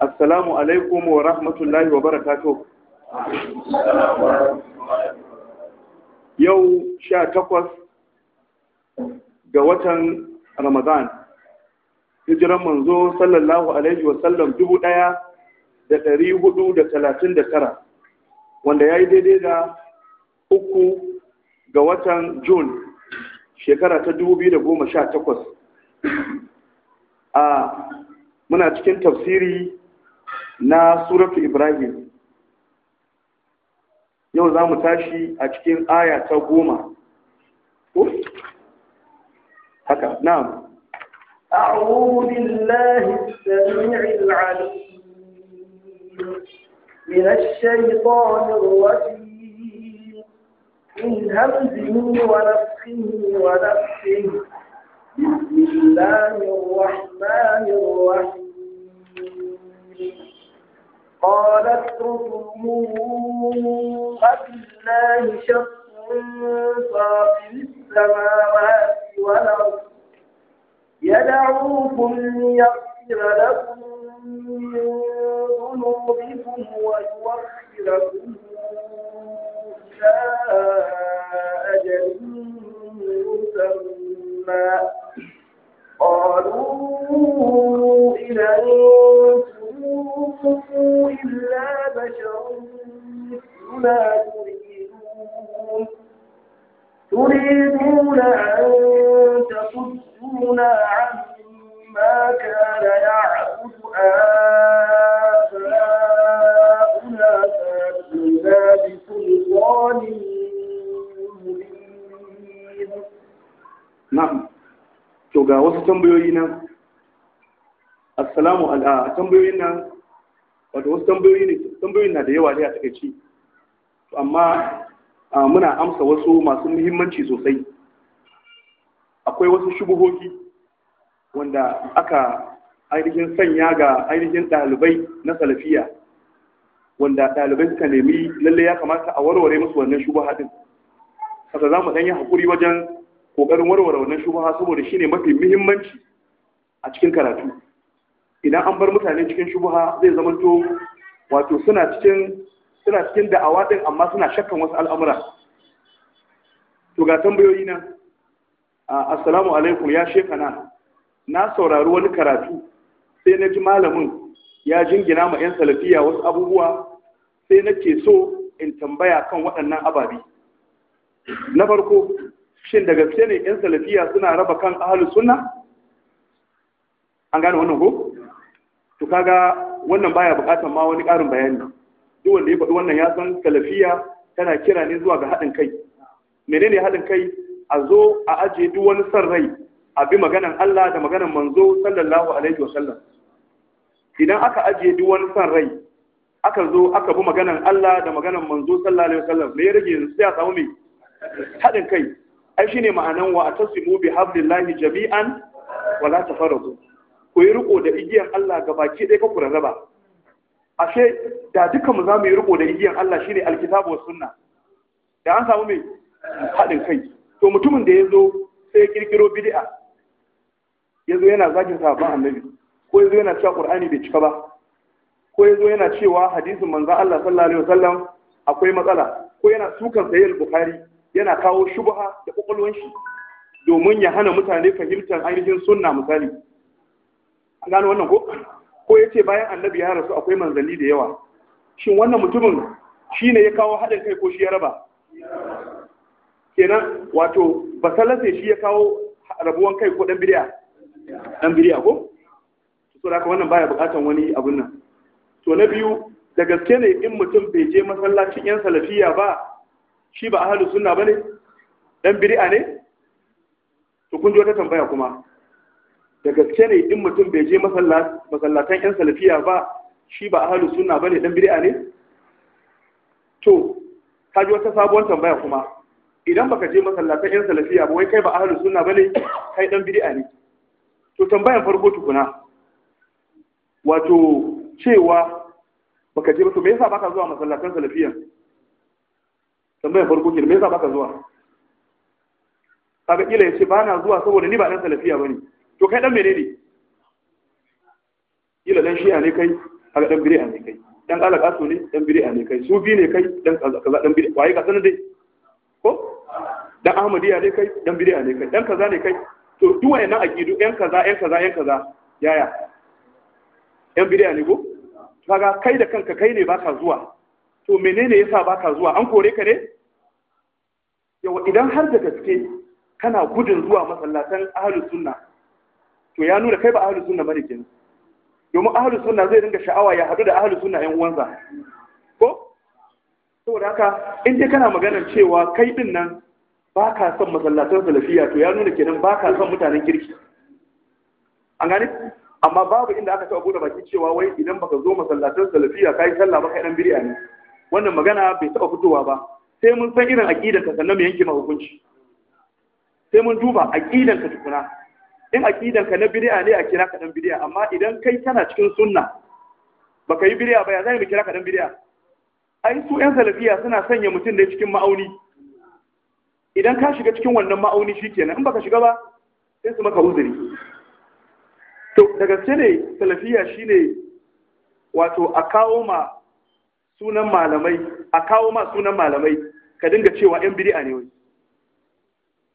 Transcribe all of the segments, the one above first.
assalamu alaikum wa rahmatullahi wa barakatuh yau sha takwas ga watan ramadan hijiran manzo sallallahu alaihi wa sallam dubu ɗaya da ɗari hudu da talatin da tara wanda ya yi daidai da uku ga watan Jun shekara ta dubu biyu da goma sha takwas a muna cikin tafsiri na suratu ibrahim yau za mu tashi a cikin aya ta goma haka na'am أعوذ بالله السميع العليم من الشيطان الرجيم من همزه ونفخه ونفخه بسم الله الرحمن الرحيم قالت رسلهم الله شق فاطر السماوات والأرض يدعوكم ليغفر لكم من ذنوبكم ويوخركم إلى أجل مسمى قالوا إلى بشر تريدون تريدون أن تصدونا عما كان يعبد آباؤنا فأتونا بسلطان مبين. to ga wasu tambayoyi nan, Assalamu al'a, tambayoyin nan wato wasu tambayoyi ne tambayoyin na da yawa ne a takaici amma muna amsa wasu masu muhimmanci sosai akwai wasu shubuhohi wanda aka ainihin sanya ga ainihin ɗalibai na salafiya wanda ɗalibai suka nemi lalle ya kamata a warware musu wannan shubuha din haka za mu yi hakuri wajen ƙoƙarin warware wannan shubuha saboda shine mafi muhimmanci a cikin karatu idan an bar mutane cikin shubuha zai zamanto wato suna cikin suna cikin da'awa din amma suna shakkan wasu al'amura to ga tambayoyi nan assalamu alaikum ya shekana na saurari wani karatu sai na ji malamin ya jingina ma 'yan salafiya wasu abubuwa sai na ke so in tambaya kan waɗannan ababi. na farko shin daga gaske ne 'yan salafiya suna raba kan ahalu sunna an gane wannan ko to kaga wannan baya buƙatar ma wani ƙarin bayani duk wanda ya faɗi wannan ya san salafiya tana kira ne zuwa ga haɗin kai menene haɗin kai a zo a aje duk wani san rai a bi maganan Allah da maganan manzo sallallahu alaihi wasallam idan aka aje duk wani san rai aka zo aka bi maganan Allah da maganan manzo sallallahu alaihi wasallam me ya rage yanzu sai a samu me haɗin kai ai shine ma'anan wa atasimu bi hablillahi jami'an wala tafarraqu ku yi riko da igiyar Allah ga baki ɗaya ku rarraba ashe da dukkan mu za mu yi riko da igiyar Allah shine alkitabu was sunna da an samu mai haɗin kai to mutumin da ya zo sai ya kirkiro bid'a ya zo yana zagin sahabban annabi ko ya zo yana cewa qur'ani bai cika ba ko ya zo yana cewa hadisin manzon Allah sallallahu alaihi wasallam akwai matsala ko yana sukan sayar bukhari yana kawo shubha da kokolwan shi domin ya hana mutane fahimtar ainihin sunna misali gano wannan ko ko ya ce bayan annabi ya rasu akwai manzanni da yawa shin wannan mutumin shi ne ya kawo haɗin kai ko shi ya raba kenan wato basalase shi ya kawo rabuwan kai ko ɗan bidiya ɗan bidiya ko so da wannan baya buƙatar wani abun nan to na biyu da gaske ne in mutum bai je masallacin yan salafiya ba shi ba ahalu sunna bane ɗan bidiya ne to kun ji wata tambaya kuma da gaske ne in mutum bai je masallatan yan salafiya ba shi ba ahalu ba ne dan bid'a ne to kaji wata sabuwar tambaya kuma idan baka je masallatan yan salafiya ba wai kai ba ahalu ba ne kai dan bid'a ne to tambayan farko tukuna wato cewa baka je ba to me yasa baka zuwa masallatan salafiyan tambayan farko ke me yasa baka zuwa kaga kila yace ba na zuwa saboda ni ba dan salafiya bane to kai dan menene ila dan shi'a ne kai kaga dan bid'a ne kai dan alaqasu ne dan bid'a ne kai sufi ne kai dan kaza dan bid'a waye ka sanar dai ko dan ahmadiyya ne kai dan bid'a ne kai dan kaza ne kai to duk wayannan aqidu yan kaza yan kaza yan kaza yaya yan bid'a ne ko kaga kai da kanka kai ne baka zuwa to menene yasa baka zuwa an kore ka ne yawa idan har da gaske kana gudun zuwa masallatan ahlus sunnah to ya nuna kai ba ahlus sunna bane kenan domin ahlus sunna zai dinga sha'awa ya hadu da ahlus sunna yan uwansa ko saboda haka in dai kana maganar cewa kai din nan ba ka son masallatan salafiya to ya nuna kenan ba ka son mutanen kirki an gane amma babu inda aka taɓa bude baki cewa wai idan baka zo masallatan salafiya kai sallah ba kai dan bid'a ne wannan magana bai taɓa fitowa ba sai mun san irin aqidar ka sannan mu yanke ma hukunci sai mun duba aqidar ka tukuna in aqidan ka na bid'a ne a kira ka dan bid'a amma idan kai kana cikin sunna baka yi bid'a ba ya zai mu kira ka dan bid'a ai su yan salafiya suna sanya mutum ne cikin ma'auni idan ka shiga cikin wannan ma'auni shikenan in baka shiga ba sai su maka uzuri to da gaske ne salafiya shine wato a kawo ma sunan malamai a kawo ma sunan malamai ka dinga cewa yan bid'a ne wai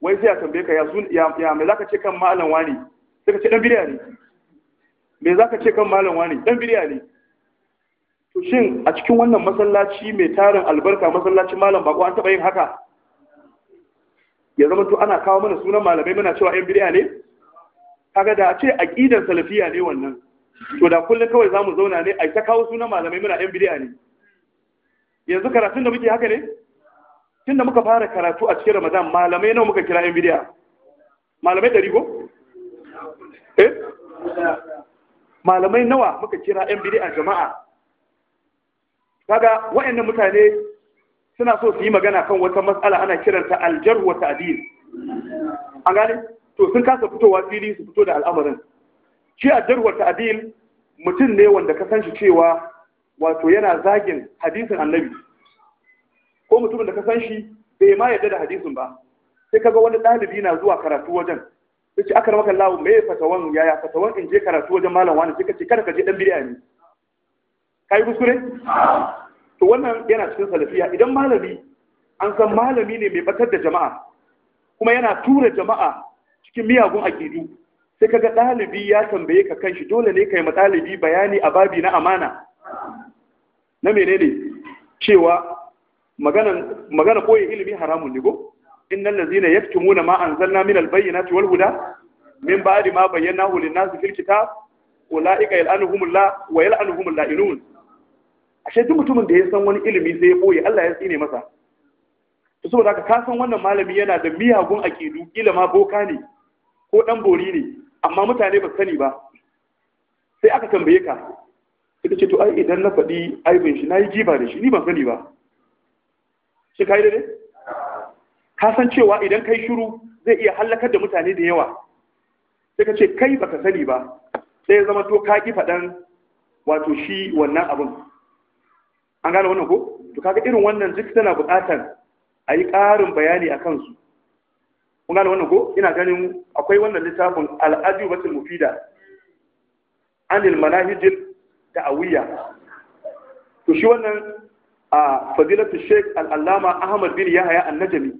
wai sai tambaye ka ya ya me zaka ce kan malam wani sai ka ce dan biriya ne me zaka ce kan malam wani dan biriya ne to shin a cikin wannan masallaci mai tarin albarka masallacin malam bako an taba yin haka ya zama to ana kawo mana sunan malamai muna cewa yan biriya ne kaga da a ce aqidar salafiya ne wannan to da kullum kawai zamu zauna ne ai ta kawo sunan malamai muna yan biriya ne yanzu karatun da muke haka ne tun da muka fara karatu a cikin ramadan malamai nawa muka kira yan bidiya malamai eh malamai nawa muka kira yan bidiya jama'a kaga waɗannan mutane suna so su yi magana kan wata matsala ana kiranta aljar wa ta'dil an gane to sun kasa fitowa fili su fito da al'amarin shi aljar wa ta'dil mutum ne wanda ka san shi cewa wato yana zagin hadisin annabi ko mutumin da ka san shi bai ma yarda da hadisin ba sai kaga wani ɗalibi na zuwa karatu wajen sai ce akar maka lawo fatawan yaya fatawan in je karatu wajen malam wani sai ka kada ka je dan bid'a ne kai kuskure to wannan yana cikin salafiya idan malami an san malami ne mai batar da jama'a kuma yana tura jama'a cikin miyagun akidu sai kaga ɗalibi ya tambaye ka kanshi dole ne kai ma ɗalibi bayani a babi na amana na menene cewa magana koyi ilimi haramun ne ko innal ladzina yaktumuna ma anzalna min albayyinati wal huda min ba'di ma bayyana lin-nasi fil kitab ulaika yal'anuhumullah wa yal'anuhumul la'inun ashe duk mutumin da ya san wani ilimi sai ya boye Allah ya tsine masa to saboda haka ka san wannan malami yana da miyagun akidu kila ma boka ne ko dan bori ne amma mutane ba sani ba sai aka tambaye ka ita ce to ai idan na faɗi aibin shi na yi jiba da shi ni ban sani ba shi kai daidai ka san cewa idan kai shiru zai iya halakar da mutane da yawa sai ka ce kai baka sani ba sai ya zama to ka ki faɗan wato shi wannan abin an gane wannan ko to kaga irin wannan duk tana buƙatar a yi ƙarin bayani a kansu kun gane wannan ko ina ganin akwai wannan littafin al'adu batul mufida anil manahijil ta'awiyya to shi wannan a fadilatu sheik al'allama ahmad bin yahaya annajami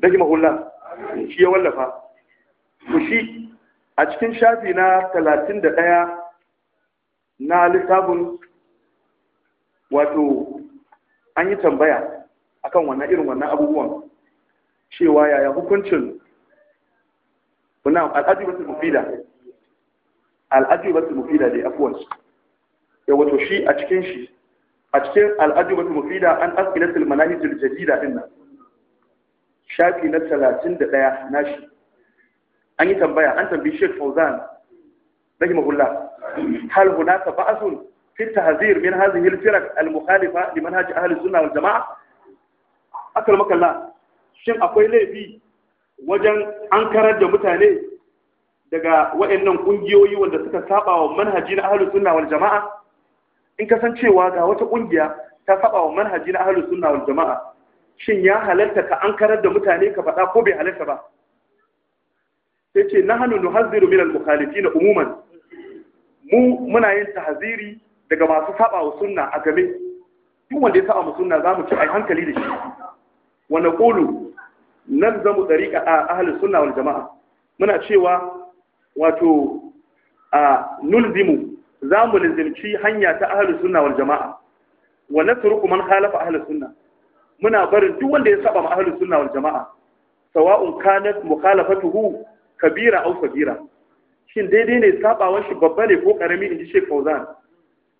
daji mahullah shi ya wallafa ku shi a cikin shafi na talatin da ɗaya na littafin wato an yi tambaya akan wannan irin wannan abubuwan cewa yaya hukuncin al'adu wasu mufida wasu mufida da afuwansu ya wato shi a cikin shi a cikin al'adu mafi mufida an as'ilatul manahijul jadida din nan shafi na talatin da 31 nashi an yi tambaya an tambayi Sheikh Fauzan rahimahullah hal hunaka ba'sun fi tahzir min hadhihi al-firaq al-mukhalifa manhaji ahli sunna wal jamaa akal makalla shin akwai laifi wajen an karar da mutane daga waɗannan ƙungiyoyi wanda suka saba wa manhaji na ahlus sunna wal jama'a in ka san cewa ga wata kungiya ta saba wa manhaji na ahlus sunna wal jama'a shin ya halarta ka ankarar da mutane ka faɗa ko bai halarta ba sai ce nahnu nuhaziru min al mukhalifin umuman mu muna yin tahziri daga masu saba wa sunna a game duk wanda ya saba suna, sunna zamu ci ai hankali da shi wa naqulu nalzamu tariqa ahlus sunna wal jama'a muna cewa wato a nulzimu za mu hanya ta ahalus sunna wal jama'a wa natruku man khalafa ahalus sunna muna barin duk wanda ya saba ma ahalus sunna wal jama'a sawa'un kanat mukhalafatuhu kabira aw sagira shin daidai ne sabawan shi babba ne ko karami inji Sheikh Fauzan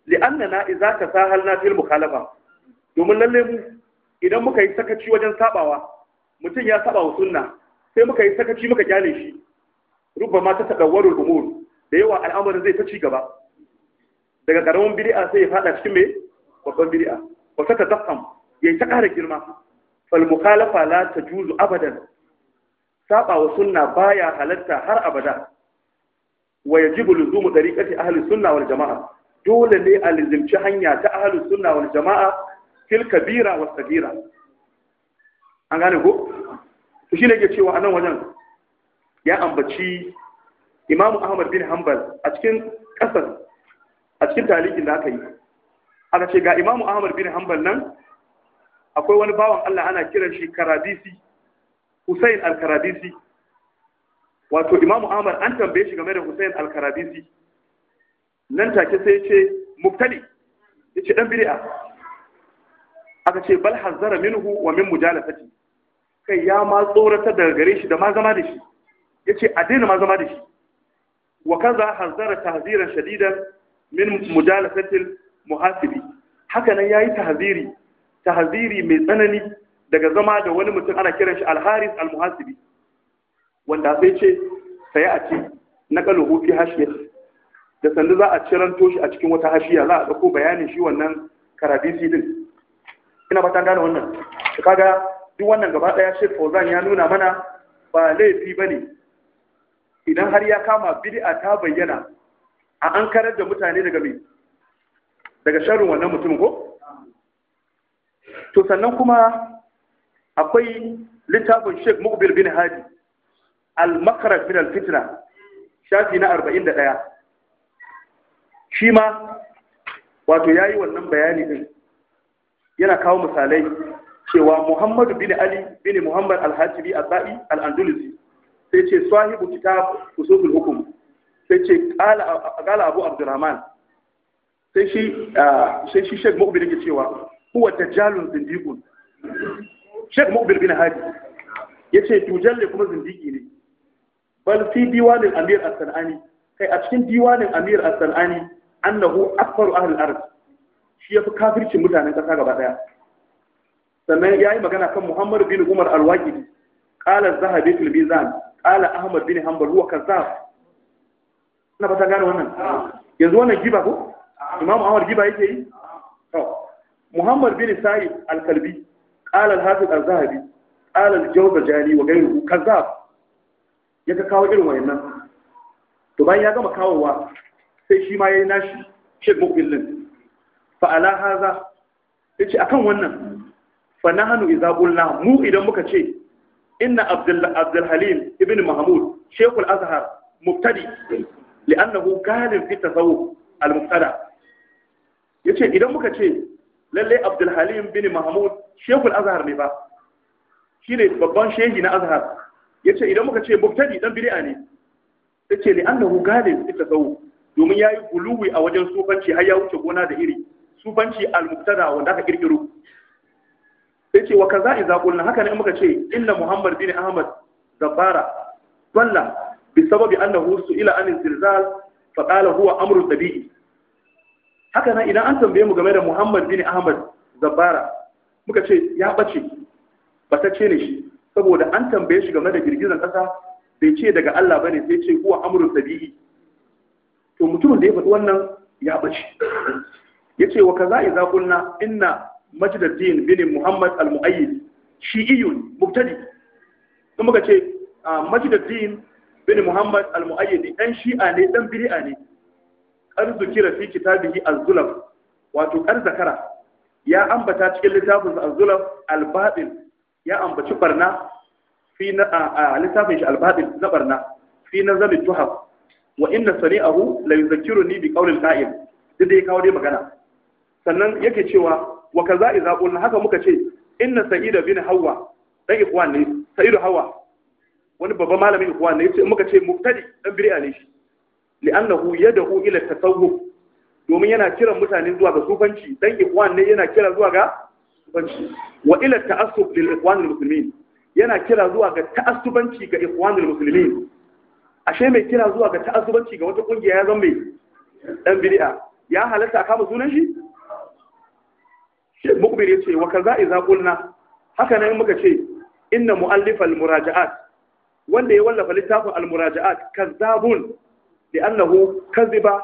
li'annana idza tasahalna fil mukhalafa domin lalle mu idan muka yi sakaci wajen sabawa mutum ya saba wa sunna sai muka yi sakaci muka gane shi rubba ma ta tadawwarul umur da yawa al'amarin zai ta ci gaba daga karamin biri'a sai ya fada cikin me babban bid'a Wasu ta ya yi ta ƙara girma fal mukhalafa la tajuzu abadan saba wa sunna baya halatta har abada wa yajibu luzumu tariqati ahli sunna wal jamaa dole ne a lizimci hanya ta ahli sunna wal jamaa fil kabira was sagira an gane ko to shine yake cewa anan wajen ya ambaci imamu Ahmad bin Hambal a cikin kasar a cikin talikin da aka yi aka ce ga imamu ahmad bin hanbal nan akwai wani bawan allah ana kiran shi karadisi hussein al-karadisi wato imamu ahmad an tambaye shi game da hussein al-karadisi nan take sai ce muktali ya ce dan bid'a aka ce bal hazzara minhu wa min mujalasati kai ya ma tsoratar daga gare shi da ma zama da shi ya ce a daina ma zama da shi wa kaza hazzara tahziran shadidan min mujalasatil muhasibi haka nan yayi tahziri tahziri mai tsanani daga zama da wani mutum ana kiran shi al-haris al-muhasibi wanda sai ce sai a ci kaluhu fi hashiya da sandu za a ciranto shi a cikin wata hashiya za a dauko bayanin shi wannan karabisi din ina ba ta gane wannan kaga duk wannan gaba daya Sheikh Fauzan ya nuna mana ba laifi bane idan har ya kama bid'a ta bayyana A an karar da mutane daga mai daga sharin wannan mutum ko to sannan kuma akwai littafin sheik Mukbil bin Hadi Al-Makhraj min al-Fitna shafi na 41 shi ma wato yayi wannan bayani din yana kawo misalai cewa Muhammadu bin Ali bin Muhammad Al-Hatibi Al-Ba'i Al-Andalusi sai ce sahibu kitab usulul hukum sai ce kala abu abdurrahman sai shi sai shi shek mukbil yake cewa huwa dajjalun zindiqun shek mukbil bin hadi yace tujalle kuma zindiki ne bal fi diwanin amir as-sanani kai a cikin diwanin amir as-sanani annahu akbaru ahli al-ard shi yafi kafircin mutanen kasa gaba daya sannan yayi magana kan muhammad bin umar al-waqidi qala az-zahabi fil bizan qala ahmad bin hanbal huwa kazzab ina fata gane wannan yanzu wannan giba ko imam ahmad giba yake yi muhammad bin sa'id al-kalbi qala al-hafiz al-zahabi qala al-jawzajani wa ghayruhu kazzab yaka kawo irin wayannan to bayan ya gama kawowa sai shi ma yayi nashi shek mukbillin fa ala hadha yace akan wannan fa nahnu idza qulna mu idan muka ce inna abdul abdul halim ibn mahmud shekul azhar mubtadi لأنه galib في tasawuf al-mubtada إذا idan muka ce عبد الحليم بن bin شيخ Sheikhul Azhar ne ba شيخي babban shehi na Azhar yace idan muka ce mubtadi dan bid'a ne yace li'annahu galib fi tasawuf domin yayi guluwi a wajen sufanci har ya wuce gona da iri sufanci al muktada wanda aka kirkiro yace wa kaza idza qulna haka ne muka ce inna Muhammad bin Ahmad zabara dalla bisababi annahu su'ila anil zilzal fa qala huwa amrun tabi'i haka nan idan an tambaye mu game da Muhammad bin Ahmad Zabara muka ce ya bace ce ne shi saboda an tambaye shi game da girgizan kasa bai ce daga Allah bane sai ce huwa amrun tabi'i to mutumin da ya faɗi wannan ya bace yace wa kaza idza qulna inna majduddin bin Muhammad al-Mu'ayyid shi'iyyun mubtadi kuma muka ce majduddin bin Muhammad al-Mu'ayyidi shi'a ne dan bid'a ne arzuki rafi kitabihi az-zulaf wato arzakara ya ambata cikin littafin az-zulaf al ya ambaci barna fi na littafin shi al na barna fi nazami tuhaf wa inna sari'ahu la yuzakkiruni bi qawli al duk da ya kawo dai magana sannan yake cewa wa kaza iza haka muka ce inna sa'ida bin Hauwa, dan ikwan ne sa'idu Hauwa. wani babban malamin kuwa ne yace muka ce mubtadi dan bid'a ne shi li'annahu yad'u ila tasawuf domin yana kiran mutane zuwa ga sufanci dan ikwan ne yana kira zuwa ga sufanci wa ila ta'assub lil al muslimin yana kira zuwa ga ta'assubanci ga al muslimin ashe mai kira zuwa ga ta'assubanci ga wata kungiya ya zama mai dan bid'a ya halatta a kama sunan shi shi Mukbir yace wa kaza iza qulna haka nan muka ce inna mu'allifal muraja'at wanda ya wallafa littafin al-muraja'at kazzabun li'annahu kazziba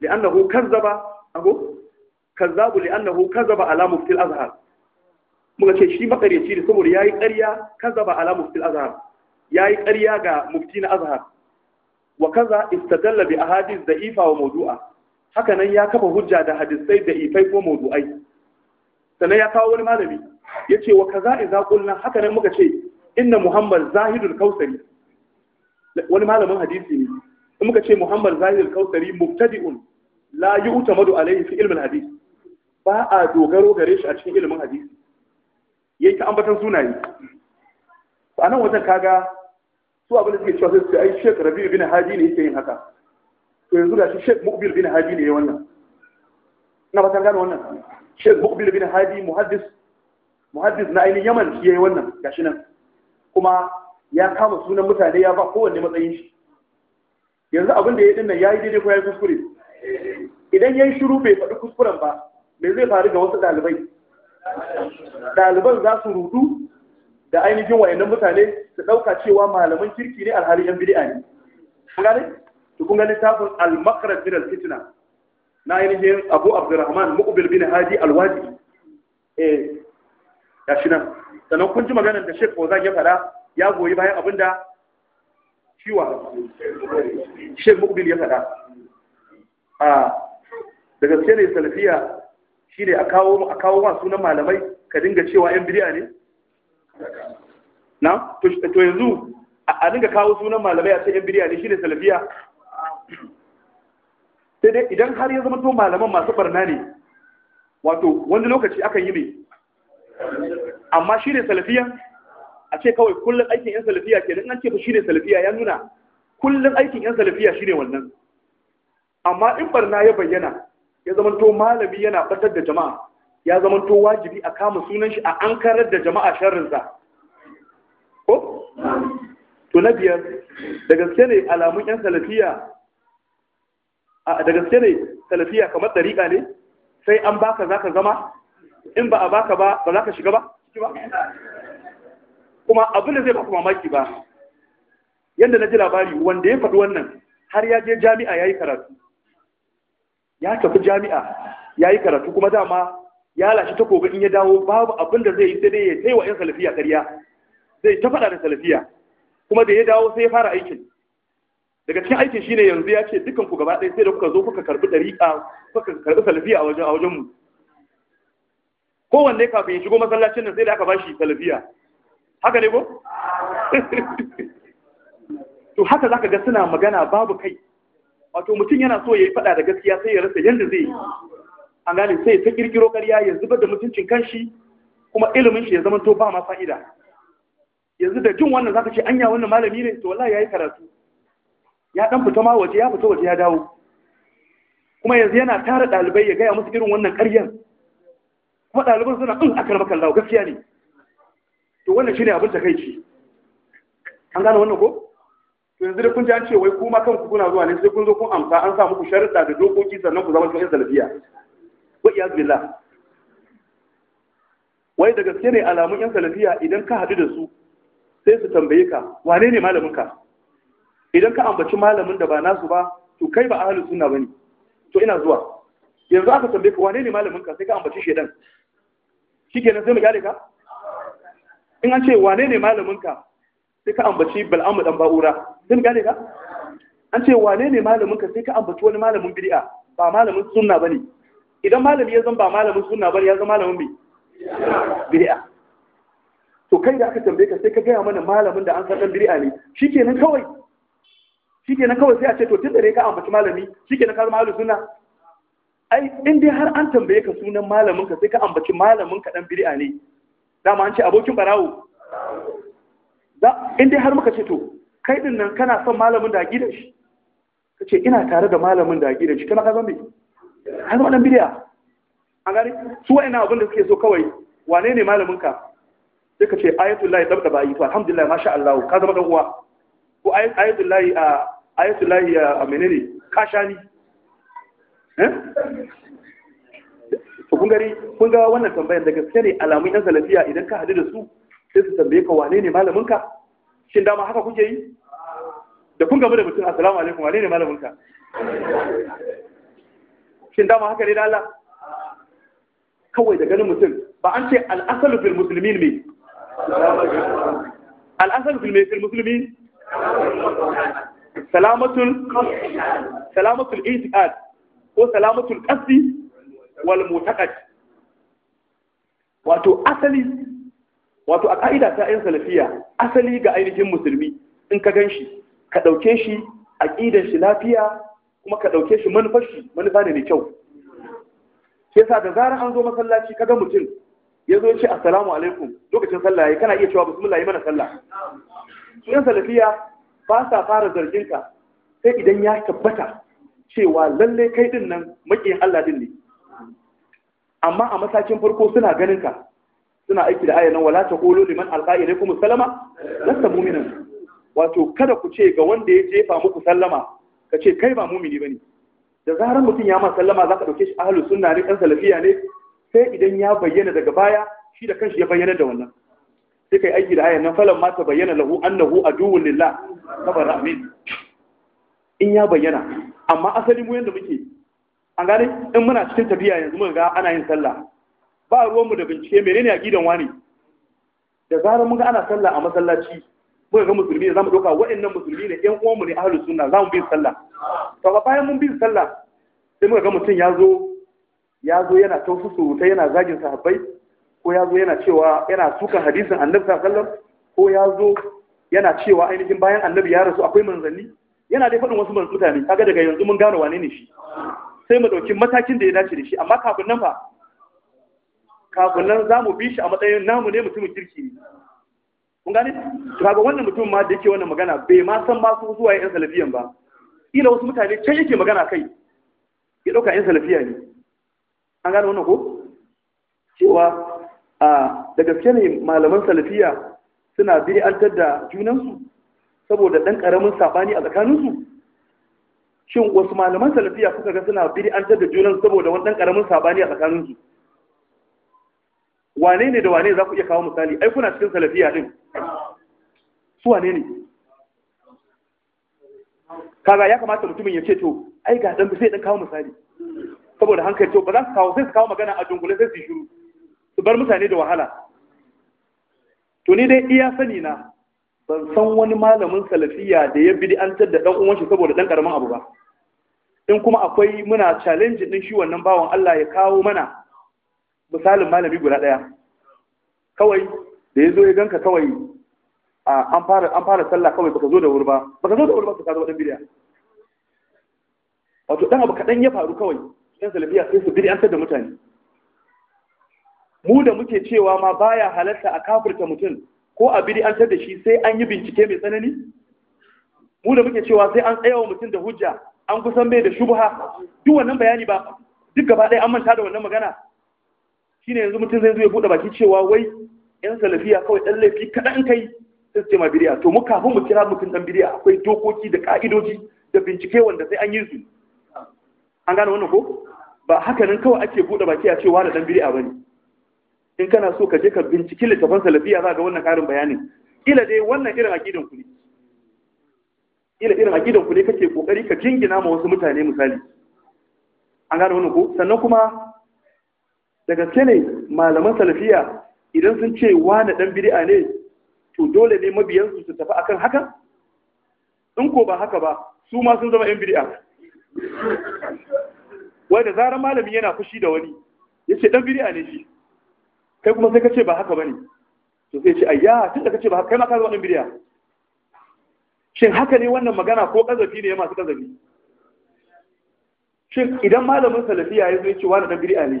li'annahu kazzaba ago kazzabu li'annahu kazzaba ala mufti al-azhar muka ce shi makaryaci ne saboda yayi ƙarya kazzaba ala mufti al-azhar yayi ƙarya ga mufti na azhar wa kaza istadalla bi ahadith da'ifa wa mawdu'a haka nan ya kafa hujja da hadisai da ifai ko mawdu'ai sannan ya kawo wani malami yace wa kaza idza qulna haka nan muka ce inna muhammad zahidul kausari wani malamin hadisi ne in muka ce muhammad zahidul kausari mubtadi'un la yu'tamadu alayhi fi ilmin hadis ba a dogaro gare shi a cikin ilimin hadisi yayi ka ambatan sunaye to anan wajen kaga su abin da suke cewa sai ai Sheikh Rabi bin hadi ne yake yin haka to yanzu ga shi Sheikh Muqbil bin hadi ne wannan ina ba gano wannan Sheikh Muqbil bin hadi muhaddis muhaddis na ainihin Yaman shi yayi wannan gashi nan kuma ya kama sunan mutane ya ba kowanne matsayin shi yanzu abin da ya dinna ya yi daidai ko ya yi kuskure idan ya yi shiru bai faɗi kuskuren ba me zai faru ga wasu ɗalibai ɗaliban za su rudu da ainihin wayannan mutane su ɗauka cewa malaman kirki ne alhali yan bidi'a ne kun gane to kun gane tafin al-makhraj min al-fitna na ainihin Abu Abdurrahman Muqbil bin Hadi al-Wadi eh shi nan sannan kun ji maganar da Sheikh ozan ya faɗa ya goyi bayan abin da ciwa Sheikh Mukbil ya faɗa a da gaske ne salafiya shine a kawo a kawo wa sunan malamai ka dinga cewa yan bid'a ne na to yanzu a dinga kawo sunan malamai a ce yan bid'a ne shine salafiya sai dai idan har ya zama to malaman masu barna ne wato wani lokaci akan yi mai amma shi ne salafiya a ce kawai kullum aikin yan salafiya nan an ce fa shi ne salafiya ya nuna kullum aikin yan salafiya shi ne wannan amma in barna ya bayyana ya zamanto malami yana batar da jama'a ya zamanto wajibi a kama sunan shi a ankarar da jama'a sharrinsa ko to na biyar da gaske ne alamun yan salafiya da gaske ne salafiya kamar dariƙa ne sai an baka zaka zama in ba a baka ba ba za ka shiga ba kuma abin da zai ba mamaki ba yadda na ji labari wanda ya faɗi wannan har ya je jami'a ya yi karatu ya tafi jami'a ya yi karatu kuma dama ya lashe takobin in ya dawo babu abin da zai yi sai dai ya taiwa 'yan salafiya ƙarya zai ta faɗa da salafiya kuma da ya dawo sai ya fara aikin daga cikin aikin shine yanzu ya ce dukkan ku gaba ɗaya sai da kuka zo kuka karbi dariƙa kuka karbi salafiya a a wajen mu kowanne kafin ya shigo masallacin nan sai da aka ba shi salafiya haka ne ko to haka za ka ga suna magana babu kai wato mutum yana so ya yi fada da gaskiya sai ya rasa yadda zai yi an gane sai ta kirkiro karya ya zuba da mutuncin kanshi kuma ilimin shi ya zama to ba ma fa'ida yanzu da jin wannan zaka ce anya wannan malami ne to wallahi yayi karatu ya dan fita ma waje ya fita waje ya dawo kuma yanzu yana tara ɗalibai ya gaya musu irin wannan ƙaryan kuma suna in mm, aka raba kallawa gaskiya ne to wannan shine abin da kai ce an gane wannan ko to yanzu da kun ji an ce wai kuma kanku kuna zuwa ne sai kun zo kun amsa an sa muku sharuɗa da dokoki sannan ku zama cikin yin salafiya wa iyaz billah wai da gaske ne alamun yan salafiya idan ka haɗu da su sai su tambaye ka wane ne malamin ka idan ka ambaci malamin da ba nasu ba to kai ba ahlus sunna bane to ina zuwa yanzu aka tambaye ka wane ne malamin ka sai ka ambaci shedan shi kenan sai mu kyale ka in an ce wane ne malaminka sai ka ambaci bal'amu dan ba'ura sai mu kyale ka an ce wane ne malaminka sai ka ambaci wani malamin bid'a ba malamin sunna bane idan malami ya zama ba malamin sunna bane ya zama malamin bi bid'a to kai da aka tambaye ka sai ka gaya mana malamin da an san dan bid'a ne shikenan kawai shikenan kawai sai a ce to tun da ne ka ambaci malami shikenan ka zama malamin sunna ai in dai har an tambaye ka sunan malamin ka sai ka ambaci malamin ka dan bid'a ne dama an ce abokin barawo da in dai har muka ce to kai din nan kana son malamin da gidan shi kace ina tare da malamin da gidan shi kana ka zambe har wannan bid'a an gari su wa'ina abin da suke so kawai wane ne malamin ka sai kace ce ayatullahi dabda bayi to alhamdulillah masha Allah ka zama dan uwa ko ayatullahi a ah, ayatullahi a ah, menene kashani Eh? to kun gari kun ga wannan tambayar da gaske ne alamun yan salafiya idan ka hadu da su sai su tambaye ka wane ne malamin ka shin dama haka kuke yi da kun gamu da mutum assalamu alaikum wane ne malamin ka shin dama haka ne da Allah kawai da ganin mutum ba an ce al'asalu fil musulmin me al'asalu fil musulmin. muslimin salamatul salamatul i'tiqad ko salamatul qasdi wal mutaqad wato asali wato a ka'ida ta ayin salafiya asali ga ainihin musulmi in ka ganshi ka dauke shi aqidar shi lafiya kuma ka dauke shi manufar shi manufa ne mai kyau sai sa da zarar an zo masallaci kaga mutum ya zo ce assalamu alaikum lokacin sallah yayi kana iya cewa bismillah yi mana sallah su yan salafiya ba sa fara zargin ka sai idan ya tabbata cewa lalle kai din nan makiyin Allah din ne amma a matakin farko suna ganin ka suna aiki da ayyana wala ta taqulu liman alqa kuma salama lasta mu'minan wato kada ku ce ga wanda ya jefa muku sallama ka ce kai ba mumini bane da zarar mutum ya ma sallama zaka dauke shi ahlus sunna ne dan salafiya ne sai idan ya bayyana daga baya shi da kanshi ya bayyana da wannan sai kai aiki da ayanan falan ma ta bayyana lahu annahu aduwwun lillah sabara amin in ya bayyana amma asali mu yanda muke an gane in muna cikin tafiya yanzu muka ga ana yin sallah ba ruwanmu da bincike menene aqidan wani da zarar mun ga ana sallah a masallaci muka ga musulmi ne zamu doka waɗannan musulmi ne 'yan uwanmu ne ahlus sunna zamu bi sallah to ba bayan mun bi sallah sai muka ga mutum ya zo ya zo yana tausu yana zagin sahabbai ko ya zo yana cewa yana suka hadisin annabi sallallahu alaihi wasallam ko ya zo yana cewa ainihin bayan annabi ya rasu akwai manzanni yana dai faɗin wasu mutane kaga daga yanzu mun gano wane ne shi sai mu ɗauki matakin da ya dace da shi amma kafin nan fa kafin nan za mu bi shi a matsayin namu ne mutumin kirki ne kun gane kaga wannan mutum ma da yake wannan magana bai ma san masu su zuwa yan salafiyan ba ila wasu mutane can yake magana kai ya ɗauka yan salafiya ne an gane wannan ko cewa a da gaske ne malaman salafiya suna bi'antar da junansu saboda ɗan ƙaramin saɓani a tsakaninsu shin wasu malaman salafiya suka ga suna bid'antar da junan saboda wani ɗan ƙaramin saɓani a tsakaninsu wane ne da wane za ku iya kawo misali ai kuna cikin salafiya din su wane ne kaga ya kamata mutumin ya ce to ai ga ɗan zai ɗan kawo misali saboda hankali to ba za su kawo sai su kawo magana a dungule sai su shiru su bar mutane da wahala to ni dai iya sani na ban san wani malamin salafiya da ya bid'antar da dan uwan shi saboda dan karamin abu ba in kuma akwai muna challenge din shi wannan bawan Allah ya kawo mana misalin malami guda daya kawai da ya zo ya ganka kawai an fara an fara sallah kawai baka zo da wuri ba baka zo da wuri ba ka zo da bid'a wato dan abu kadan ya faru kawai yan salafiya sai su bid'antar da mutane mu da muke cewa ma baya halatta a kafirta mutum ko a bid'antar da shi sai an yi bincike mai tsanani mu da muke cewa sai an tsayawa mutum da hujja an kusan bai da shubha duk wannan bayani ba duk gaba ɗaya an manta da wannan magana shine yanzu mutum zai zo ya buɗe baki cewa wai yan salafiya kawai ɗan laifi kaɗan kai sai su ce ma bidiya to mu kafin mu kira mutum ɗan bidiya akwai dokoki da ka'idoji da bincike wanda sai an yi su an gane wannan ko ba haka nan kawai ake buɗe baki a cewa da ɗan biriya ba ne in kana so ka je ka binciki littafan salafiya za ga wannan karin bayanin ila dai wannan irin aqidan ku ne ila irin aqidan ku ne kake kokari ka jingina ma wasu mutane misali an gane wannan ko sannan kuma daga ce ne malaman salafiya idan sun ce wani dan bid'a ne to dole ne mabiyansu su tafi akan haka in ko ba haka ba su ma sun zama yan bid'a wai da zarar malamin yana fushi da wani yace dan bid'a ne shi kai kuma sai ka ce ba haka bane to sai ce ayya tun da ka ce ba haka kai ma ka zama ɗan bidiya shin haka ne wannan magana ko ƙazafi ne ya masu ƙazafi shin idan malamin salafiya ya zo cewa ce wani ɗan bidiya ne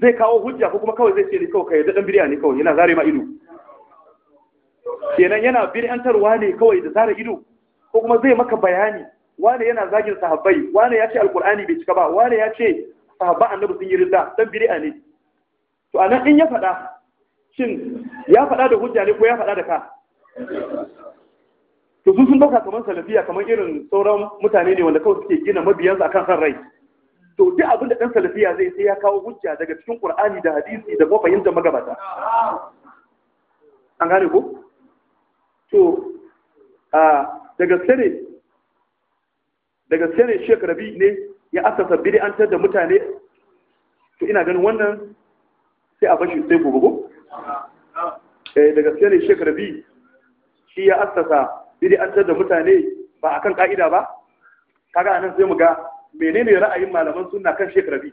zai kawo hujja ko kuma kawai zai ce ni kawai ka yarda ɗan bidiya ne kawai yana zare ma ido kenan yana bid'antarwa ne kawai da zare ido ko kuma zai maka bayani wane yana zagin sahabbai wane ya ce alkur'ani bai cika ba wane ya ce sahabba annabi sun yi ridda dan bid'a ne to anan in ya faɗa shin ya faɗa da hujja ne ko ya faɗa da ka to sun sun dauka kamar salafiya kamar irin sauran mutane ne wanda kawai suke gina mabiyansu akan san rai to duk abin da ɗan salafiya zai sai ya kawo hujja daga cikin qur'ani da hadisi da kuma fahimta magabata an gane ko to a daga sare daga sare shekarabi ne ya asasa bid'antar da mutane to ina ganin wannan sai a bashi sai gobe ko eh daga gaske ne shekara bi shi ya assasa an da mutane ba akan ka'ida ba kaga anan sai mu ga menene ra'ayin malaman sunna kan shekara bi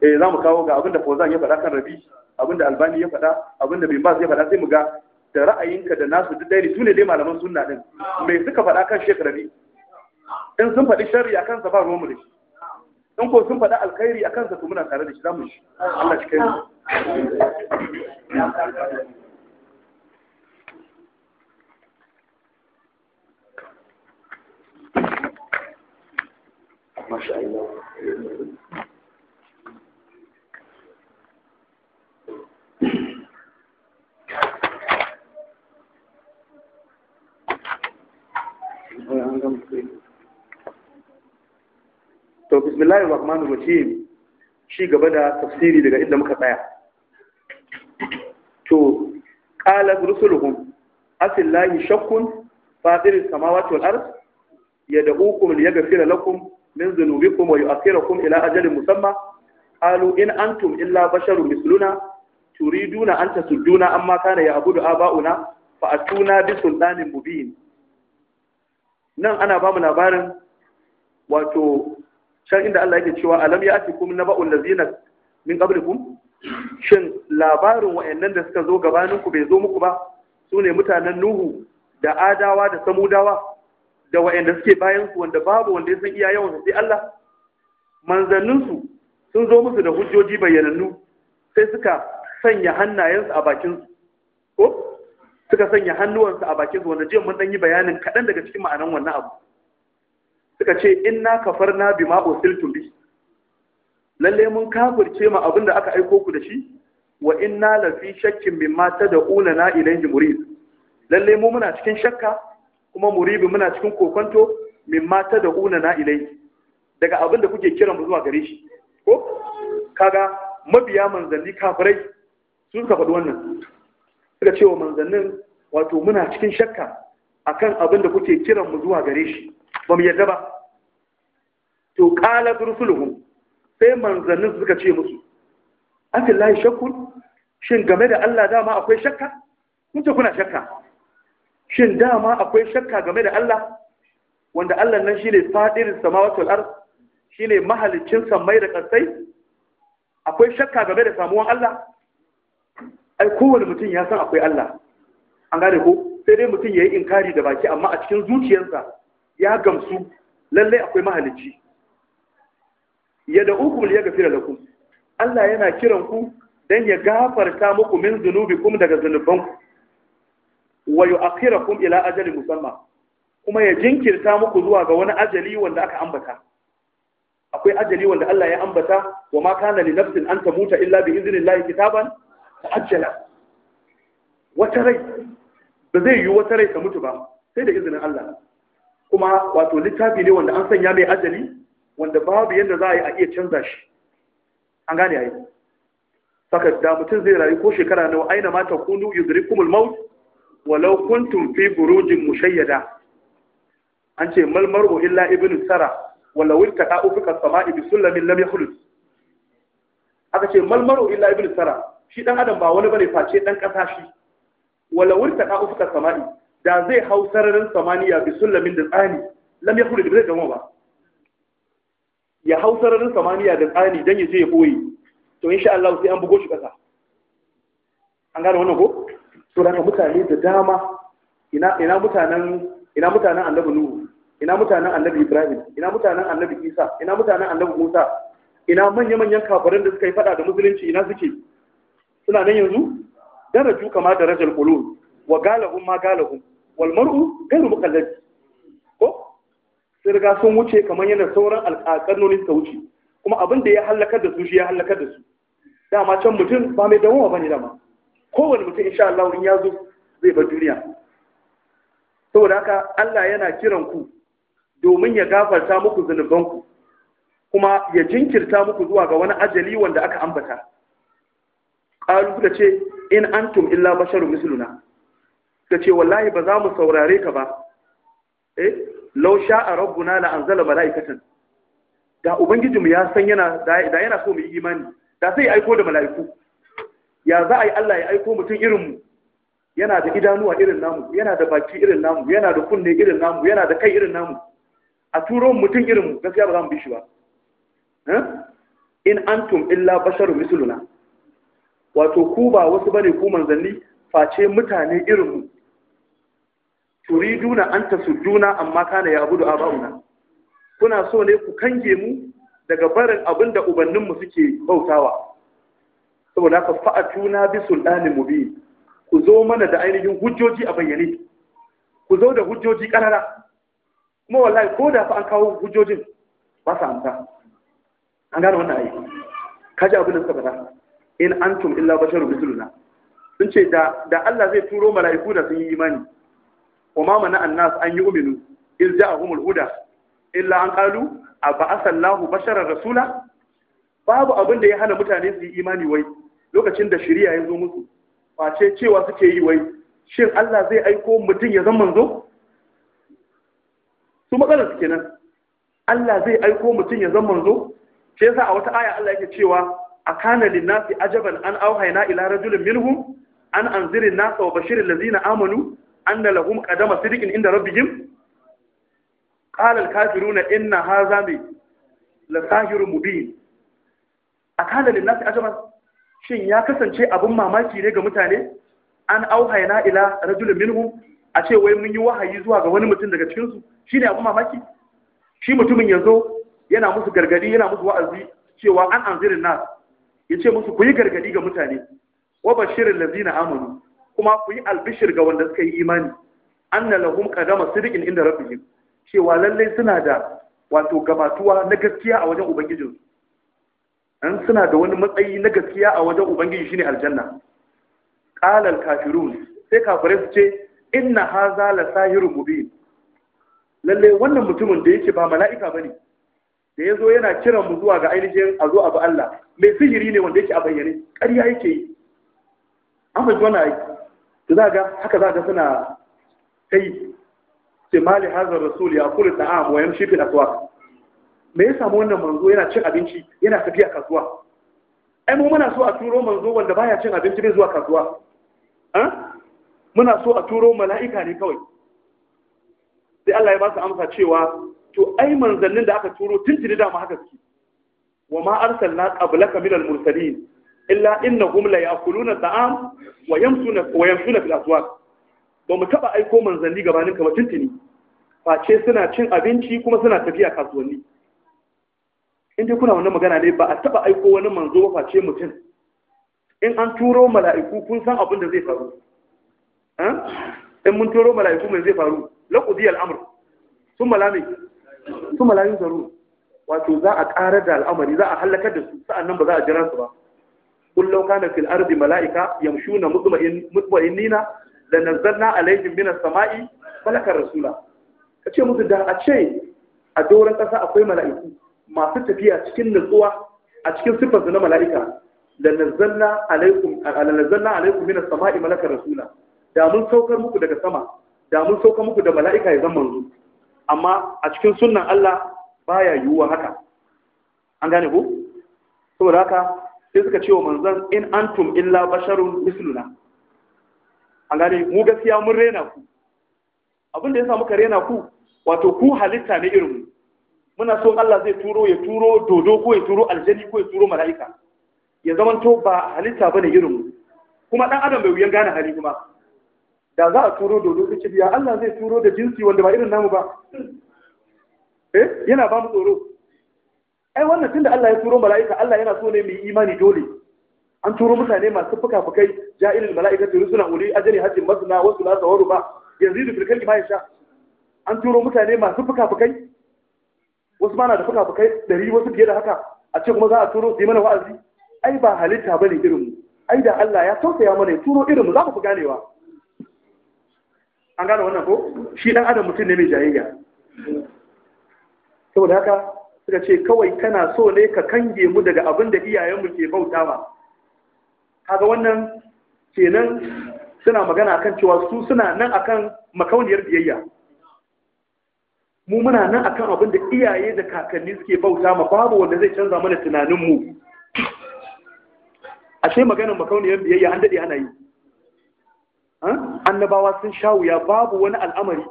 eh za mu kawo ga abinda Fozan ya faɗa kan Rabi abinda Albani ya faɗa abinda Bin Baz ya faɗa sai mu ga da ra'ayinka da nasu duk dai ne su ne dai malaman sunna din me suka faɗa kan shekara bi in sun faɗi shari'a kansa ba ruwan mu da shi in ko sun faɗi alkhairi akan sa to muna tare da shi zamu shi Allah shi kai to bismillahir rahmanir rahim shi gaba da tafsiri daga inda muka tsaya to qala rusuluhum asillahi shakkun fadiris samawati wal ard yad'ukum liyaghfira lakum min dhunubikum wa yu'akhirakum ila ajalin musamma qalu in antum illa basharun misluna turiduna an tasudduna amma kana ya'budu aba'una fa atuna bi sultanin mubin nan ana bamu labarin wato Shan inda Allah yake cewa alam ya ati kum naba'ul ladzina min qablikum shin labarin wayannan da suka zo gabaninku bai zo muku ba sune mutanen Nuhu da Adawa da Samudawa da wayanda suke bayan su wanda babu wanda ya san iya yawan sai Allah manzannin su sun zo musu da hujjoji bayyanannu sai suka sanya hannayensu a bakin su ko suka sanya hannuwansu a bakin su wanda jiya mun dan yi bayanin kaɗan daga cikin ma'anan wannan abu suka ce inna kafarna bima usiltum bi lalle mun kafirce ma abin da aka aiko ku da shi wa inna shakkin fi shakkin da una na ji murid lalle mu muna cikin shakka kuma muribi muna cikin kokonto da tad'una na ilayhi daga abin da kuke kiran mu zuwa gare shi ko kaga mabiya manzanni kafirai su suka faɗi wannan suka ce wa manzannin wato muna cikin shakka akan abin da kuke kiran mu zuwa gare shi ba mu yarda ba to kala rusuluhum sai manzanni suka ce musu lahi shakkun shin game da Allah dama akwai shakka kun ce kuna shakka shin dama akwai shakka game da Allah wanda Allah nan shine fadirin samawatul ard shine mahalicin samai da kasai akwai shakka game da samuwan Allah ai kowane mutum ya san akwai Allah an gane ko sai dai mutum yayi inkari da baki amma a cikin zuciyarsa ya gamsu lalle akwai mahalicci ya gafira da ku. Allah yana kiran ku don ya gafarta muku min zunubi kuma daga zunubanku wa kum ila ajali musamman? kuma ya jinkirta muku zuwa ga wani ajali wanda aka ambata akwai ajali wanda Allah ya ambata wa ma kana li nafsin an tamuta illa bi layi kitaban ta'ajjala wata rai ba zai yi wata rai ta mutu ba sai da izinin Allah kuma wato littafi ne wanda an sanya mai ajali wanda babu yadda za a yi a iya canza shi an gane yi saka da mutum zai rayu ko shekara nawa aina ma takunu kumul maut walau kuntum fi burujin mushayyada an ce mal mar'u illa Ibn sara walau ittaqa ufuka samai bi sullamin lam yakhlut aka ce malmar mar'u illa Ibn sara shi dan adam ba wani bane face dan kasa shi walau ittaqa ufuka samai da zai hau sararin samaniya bi sullamin da tsani lam yakhlut bai zai ba ya hau sararin samaniya da tsani don ya ce ya koyi to sha Allah sai an bugo shi ƙasa an gane wannan ko to daga mutane da dama ina mutanen ina mutanen annabi nuhu ina mutanen annabi ibrahim ina mutanen annabi isa ina mutanen annabi musa ina manya manyan kafirin da suka yi fada da musulunci ina suke suna nan yanzu daraju kama darajal qulub wa galahum ma galahum wal mar'u ghayru muqallab sai riga sun wuce kamar yadda sauran noni suka wuce kuma abin da ya hallaka da su shi ya halakar da su dama can mutum ba mai damuwa bane dama kowane mutum insha Allah in ya zo zai bar duniya saboda haka Allah yana kiran ku domin ya gafarta muku ku kuma ya jinkirta muku zuwa ga wani ajali wanda aka ambata qalu da ce in antum illa basharun misluna kace wallahi ba za mu saurare ka ba eh law sha'a rabbuna la anzala malaikatan da ubangijinmu ya san yana da yana so mu yi imani da sai ya aiko da mala'iku ya za a yi Allah ya aiko mutum irin mu yana da idanuwa irin namu yana da baki irin namu yana da kunne irin namu yana da kai irin namu a turo mutum irin mu gaskiya ba za mu bi shi ba in antum illa basharun misluna wato ku ba wasu bane ku manzanni face mutane irin mu turiduna an tasudduna amma kana ya'budu aba'una kuna so ne ku kange mu daga barin abin da ubanninmu suke bautawa saboda fa'a fa'atuna bi sultanin mubin ku zo mana da ainihin hujjoji a bayyane ku zo da hujjoji karara kuma wallahi ko da fa an kawo hujjojin ba sa amsa an gane wannan ayi kaji abin da suka faɗa in antum illa basharun misluna sun ce da Allah zai turo mala'iku da sun yi imani Kuma mana annas an yi uminu in a ahumul huda illa an a sallahu basharar rasula babu abin da ya hana mutane su yi imani wai lokacin da shari'a ya zo musu face cewa suke yi wai shin Allah zai aiko mutum ya zama manzo su matsalar suke nan, Allah zai aiko mutum ya zama manzo shi yasa a wata aya Allah yake cewa a kana linnasi ajaban an auhayna ila rajulin minhum an anzirin nasa wa bashirin lazina amanu anna lahum qadama sidiqin inda rabbihim qala al-kafiruna inna hadha bi la sahirun mubin akala lin nasi shin ya kasance abun mamaki ne ga mutane an auhayna ila rajulin minhum a ce wai mun yi wahayi zuwa ga wani mutum daga cikinsu? su shine abun mamaki shi mutumin yazo yana musu gargadi yana musu wa'azi cewa an anzirin nas yace musu ku yi gargadi ga mutane wa bashirin lazina amanu kuma ku yi albishir ga wanda suka yi imani anna lahum qadama sidqin inda rabbihim cewa lallai suna da wato gabatuwa na gaskiya a wajen ubangijin an suna da wani matsayi na gaskiya a wajen ubangiji shine aljanna qala kafiru kafirun sai kafirai su ce inna hadha la Sahiru mubin lalle wannan mutumin da yake ba mala'ika bane da yazo yana kiran mu zuwa ga ainihin a zo abu Allah mai sihiri ne wanda yake a bayyane ƙarya yake yi an fahimci wannan to za ga haka za ga suna kai sai mali hazar rasul ya kula amu wa shi fil aswaq me ya mu wannan manzo yana cin abinci yana tafiya kasuwa ai mu muna so a turo manzo wanda baya cin abinci bai zuwa kasuwa ah? muna so a turo mala'ika ne kawai sai Allah ya ba su amsa cewa to ai manzannin da aka turo tuntuni da mu haka suke wa ma arsalna qablaka minal mursalin illa innahum la yakuluna ta'am wa yamsuna wa yamsuna fil aswaq ba mu taba aiko manzanni gabanin ka ba tuntuni face suna cin abinci kuma suna tafiya kasuwanni in dai kuna wannan magana ne ba a taba aiko wani manzo ba face mutum in an turo mala'iku kun san abin da zai faru in mun turo mala'iku mai zai faru laƙudi al'amur sun malami sun malamin wato za a ƙarar da al'amari za a hallakar da su sa'an nan ba za a jira su ba kullu kana fil ardi malaika yamshuna mutma'in mutma'innina lanazzalna alaihim minas sama'i malakar rasula kace musu da a ce a doron kasa akwai mala'iku masu tafiya cikin nutsuwa a cikin sifar na mala'ika lanazzalna alaikum lanazzalna alaikum minas sama'i malakar rasula da mun saukar muku daga sama da mun saukar muku da mala'ika ya zama amma a cikin sunnan Allah baya yiwuwa haka an gane ko saboda haka sai suka ce wa manzan in antum illa basharun misluna an gane mu gaskiya mun rena ku abin da ya sa muka rena ku wato ku halitta ne irinmu muna so Allah zai turo ya turo dodo ko ya turo aljani ko ya turo mala'ika ya zama to ba halitta bane irinmu kuma ɗan adam bai wuyan gane hali kuma da za a turo dodo ta ya Allah zai turo da jinsi wanda ba irin namu ba eh yana ba mu tsoro ai wannan tunda Allah ya turo mala'ika Allah yana so ne mu yi imani dole an turo mutane masu fuka-fukai ja'ilul mala'ikati rusuna uli ajri hajjin masna wa sulasa wa ruba yanzu da kalbi ma yasha an turo mutane masu fuka-fukai wasu ma na da fuka-fukai dari wasu fiye da haka a ce kuma za a turo su mana wa'azi ai ba halitta bane irin mu ai da Allah ya tausaya mana turo irin mu za ku fi ganewa an gane wannan ko shi dan adam mutum ne mai jayayya saboda haka suka ce kawai kana so ne ka kange mu daga abin da iyayenmu ke bauta ba kaga wannan kenan suna magana akan cewa su suna nan akan makauniyar biyayya mu muna nan akan abin da iyaye da kakanni suke bauta ma babu wanda zai canza mana tunanin mu ashe maganar makauniyar biyayya an dade ana yi annabawa sun sha wuya babu wani al'amari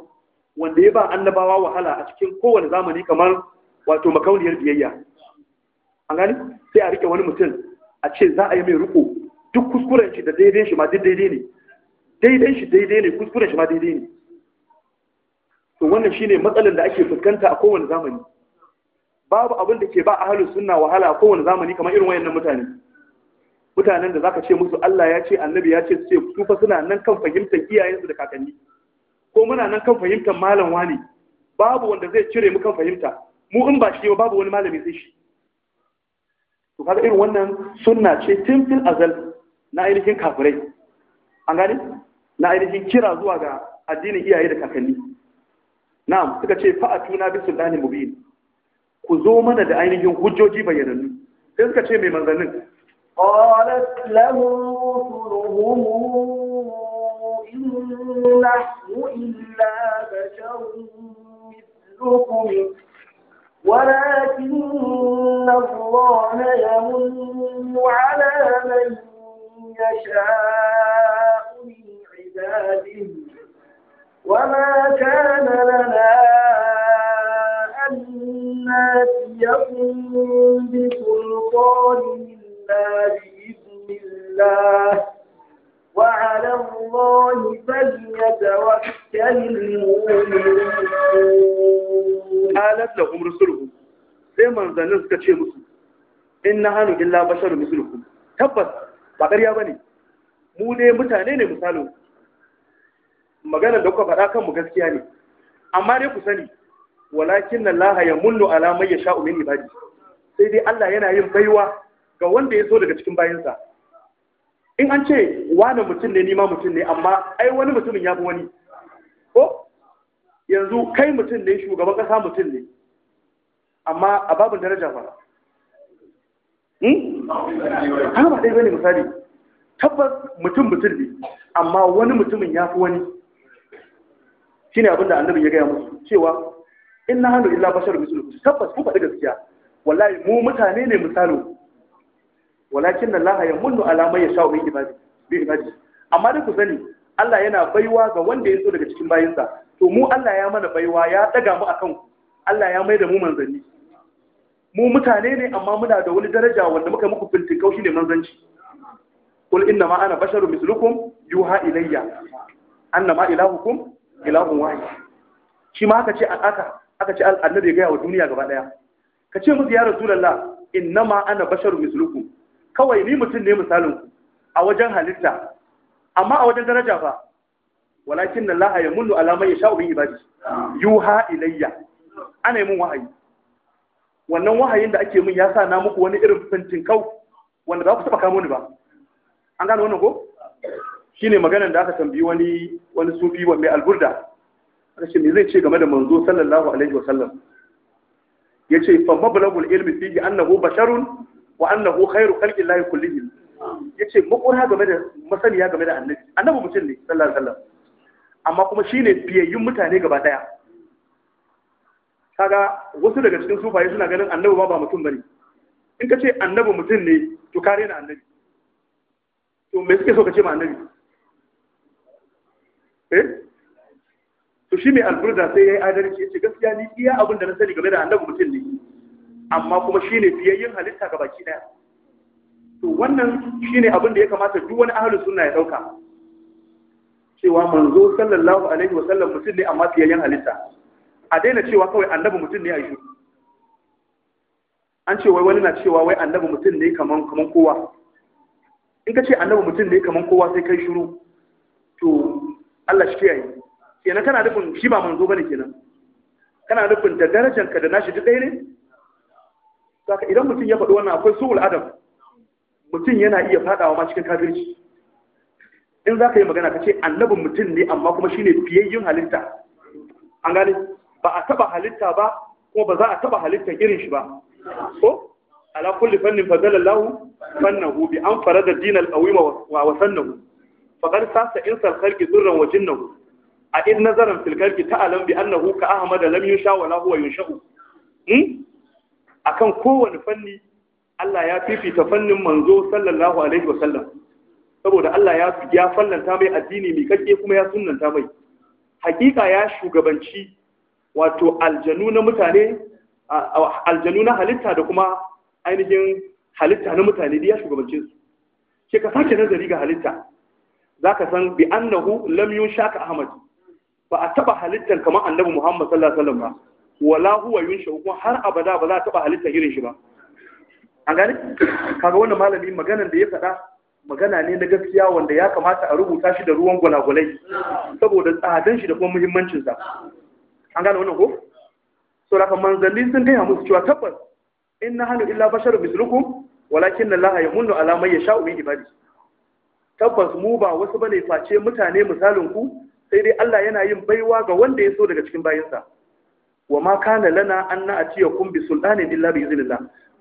wanda ya ba annabawa wahala a cikin kowane zamani kamar wato makauniyar biyayya an gani sai a rike wani mutum a ce za a yi mai riko duk kuskuren shi da daidai shi ma daidai ne daidai shi daidai ne kuskuren shi ma daidai ne to wannan shine matsalar da ake fuskanta a kowane zamani babu abin da ke ba ahlus sunna wahala a kowane zamani kamar irin wayannan mutane mutanen da zaka ce musu Allah ya ce annabi ya ce su ce su fa suna nan kan fahimtar iyayensu da kakanni ko muna nan kan fahimtar malam wani babu wanda zai cire mu kan fahimta mu in ba shi babu wani malami zai shi to kaga irin wannan sunna ce tun fil azal na ainihin kafirai an gane na ainihin kira zuwa ga addinin iyaye da kakanni na'am suka ce fa atuna bi sultani mubin ku zo mana da ainihin hujjoji bayyanannu sai suka ce mai manzannin qalat lahum rusuluhum in nahnu illa basharun mithlukum ولكن الله يمن على من يشاء من عباده وما كان لنا أن ناتيكم بسلطان إلا بإذن الله وعلى الله فليتوكل المؤمنون قالت لهم رسلهم sai manzannin suka ce musu in na hannu illa bashar mislukum tabbas ba ƙarya ba ne mu ne mutane ne misalin maganar da kuka faɗa kan mu gaskiya ne amma dai ku sani walakin nan laha ya mullu alamai ya sha'u min ibadi sai dai Allah yana yin baiwa ga wanda ya so daga cikin bayansa in an ce wani mutum ne nima mutum ne amma ai wani mutumin ya fi wani ko yanzu kai mutum ne shugaban kasa mutum ne amma a babin daraja ba ha hmm? ba ɗaya bane misali tabbas mutum mutum ne amma wani mutumin ya fi wani shine abinda annabi ya gaya musu cewa in na hannu illa bashar mislu tabbas ku faɗi gaskiya wallahi mu mutane ne misalu walakin Allah ya munnu alamai ya sha bi ibadi bi ibadi amma da ku sani Allah yana baiwa ga wanda ya so daga cikin bayinsa to mu Allah ya mana baiwa ya daga mu akan ku Allah ya maida da mu manzanni mu mutane ne amma muna da wani daraja wanda muka muku bintin kaushi ne manzanci qul inna ma ana basharu mislukum yuha ilayya ma ilahukum ilahun wahid shi ma aka ce aka aka ce annabi ya gaya wa duniya gaba daya ka ce musu ya rasulullah ma ana basharu mislukum kawai ni mutum ne misalin ku a wajen halitta amma a wajen daraja ba. walakin na la'a ya mullu alama ya sha'ubin ibadi yuha ilayya ana yi min wahayi wannan wahayin da ake min ya sa na muku wani irin fintin kau wanda za ku taba kamo ni ba an gano wannan ko Shi ne maganar da aka tambayi wani wani sufi wa mai alburda rashin zai ce game da manzo sallallahu alaihi wa sallam ce, fa mablagul ilmi fihi annahu basharun wa annahu khairu kulli, llahi Ya yace makura game da masaniya game da annabi annabi mutum ne sallallahu alaihi wasallam amma kuma shine biyayyun mutane gaba daya kaga wasu daga cikin sufaye suna ganin annabi ba ba mutum bane in ka ce annabi mutum ne to kare na annabi to me suke so ka ce ma annabi eh to shi mai alburda sai ya yi adalci ya ce gaskiya ni iya abin da na sani game da annabi mutum ne amma kuma shi ne fiyayyen halitta ga baki ɗaya to wannan ne abin da ya kamata duk wani ahlus suna ya ɗauka. cewa manzo sallallahu alaihi wa sallam mutum ne amma fiyayyen halitta a daina cewa kawai annabi mutum ne a yi an ce wai wani na cewa wai annabi mutum ne kaman kaman kowa in ka ce annabi mutum ne kaman kowa sai kai shiru to Allah shi kiyaye kenan kana nufin shi ba manzo bane kenan kana nufin da darajar ka da nashi duk ɗaya ne saka idan mutum ya faɗi wannan akwai suhul adam mutum yana iya faɗawa ma cikin kafirci in za ka yi magana ka ce annabin mutum ne amma kuma shine fiyayyun halitta an gane ba a taɓa halitta ba kuma ba za a taba halitta irin shi ba ko ala kulli fannin fa lahu fannahu bi an farada dinal qawima wa wasannahu faqad sasa insal khalqi durran wa jinnahu a in nazaran fil khalqi ta'alam bi annahu ka ahmada lam yunsha wa huwa akan kowane fanni Allah ya fifita fannin manzo sallallahu alaihi wa sallam saboda Allah ya ya fallanta mai addini mai kake kuma ya sunnanta mai hakika ya shugabanci wato aljanu na mutane aljanu na halitta da kuma ainihin halitta na mutane da ya shugabance su ke ka sake nazari ga halitta za ka san bi annahu lam yun shaka ahmad ba a taba halittar kamar annabi muhammad sallallahu alaihi wasallam ba wala huwa yunsha kuma har abada ba za a taba halitta irin shi ba an gane kaga wannan malami maganan da ya faɗa magana ne na gaskiya wanda ya kamata a rubuta shi da ruwan gwalagwalai saboda tsadan shi da kuma muhimmancin sa an gane wannan ko so da kan manzanni sun gaya musu cewa tabbas in na hannu illa bashar mislukum walakin Allah ya munnu ala ya yasha'u min ibadi tabbas mu ba wasu bane face mutane misalin ku sai dai Allah yana yin baiwa ga wanda ya so daga cikin bayinsa wa ma kana lana an na atiya kun bi sultani illa bi iznillah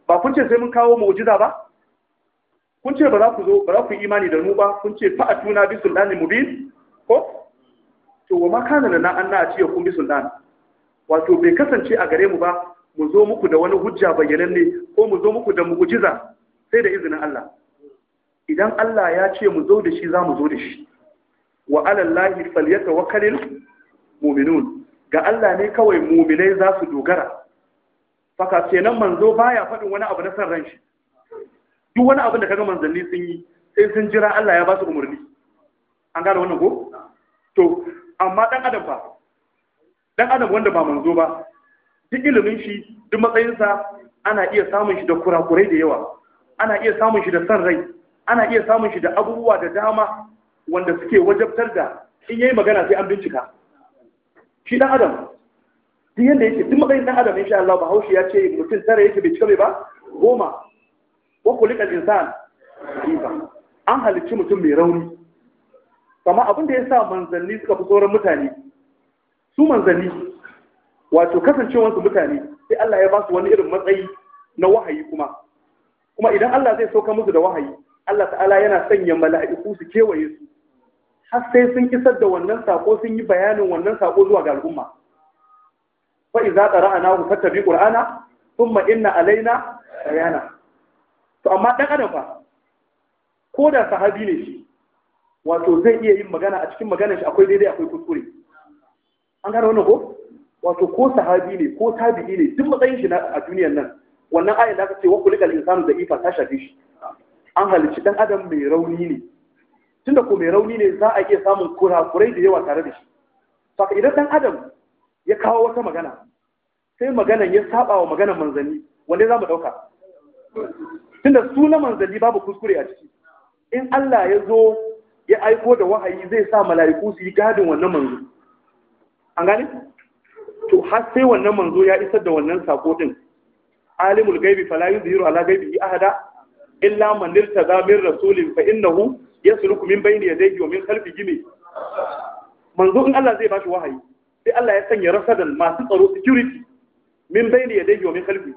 ba kun ce sai mun kawo mu'jiza ba kun ce ba za ku zo ba za ku yi imani da mu ba kun ce fa atuna bi sultani mubin ko to wa ma kana lana an na atiya kun bi sultan wato bai kasance a gare mu ba mu zo muku da wani hujja bayyananne ko mu zo muku da mu'jiza sai da izinin Allah idan Allah ya ce mu zo da shi za mu zo da shi wa alallahi falyatawakkalul mu'minun ga Allah ne kawai muminai za su dogara faka nan manzo baya faɗin wani abu na san ran shi duk wani abin da kaga manzanni sun yi sai sun jira Allah ya ba su umarni an gane wannan ko to amma dan adam ba dan adam wanda ba manzo ba duk ilimin shi duk matsayinsa ana iya samun shi da kurakurai da yawa ana iya samun shi da san rai ana iya samun shi da abubuwa da dama wanda suke wajabtar da in yayi magana sai an bincika shi dan adam duk yadda yake duk matsayin dan adam insha Allah bahaushe ya ce mutum tara yake bai cika bai ba goma wa kulika insan an halicci mutum mai rauni amma abin da ya sa manzanni suka fi sauran mutane su manzanni wato kasancewarsu mutane sai Allah ya ba su wani irin matsayi na wahayi kuma kuma idan Allah zai sauka musu da wahayi Allah ta'ala yana sanya mala'iku su kewaye su har sai sun kisar da wannan sako sun yi bayanin wannan sako zuwa ga al'umma fa idza qara'ana hu fattabi qur'ana thumma inna alaina bayana to amma dan adam fa ko da sahabi ne shi wato zai iya yin magana a cikin maganar shi akwai daidai akwai kuskure an gane wannan ko wato ko sahabi ne ko tabi'i ne duk matsayin shi a duniyar nan wannan ayin da aka ce wa kulikal insanu da ifa ta shafe shi an halicci dan adam mai rauni ne tunda ko mai rauni ne za a iya samun kurakurai da yawa tare da shi to idan dan adam ya kawo wata magana sai maganan ya saba wa maganan manzanni wanda za mu dauka tunda su na manzanni babu kuskure a ciki in Allah ya zo ya aiko da wahayi zai sa mala'iku su yi gadin wannan manzo an gane to har sai wannan manzo ya isar da wannan sako din alimul gaibi fala yuzhiru ala gaibihi ahada illa man irtada min rasulin fa innahu Ya yasluku min bayni yadayhi wa min khalfihi gini, manzo in Allah zai bashi wahayi sai Allah ya sanya rasa da masu tsaro security min bayni yadayhi wa min khalfihi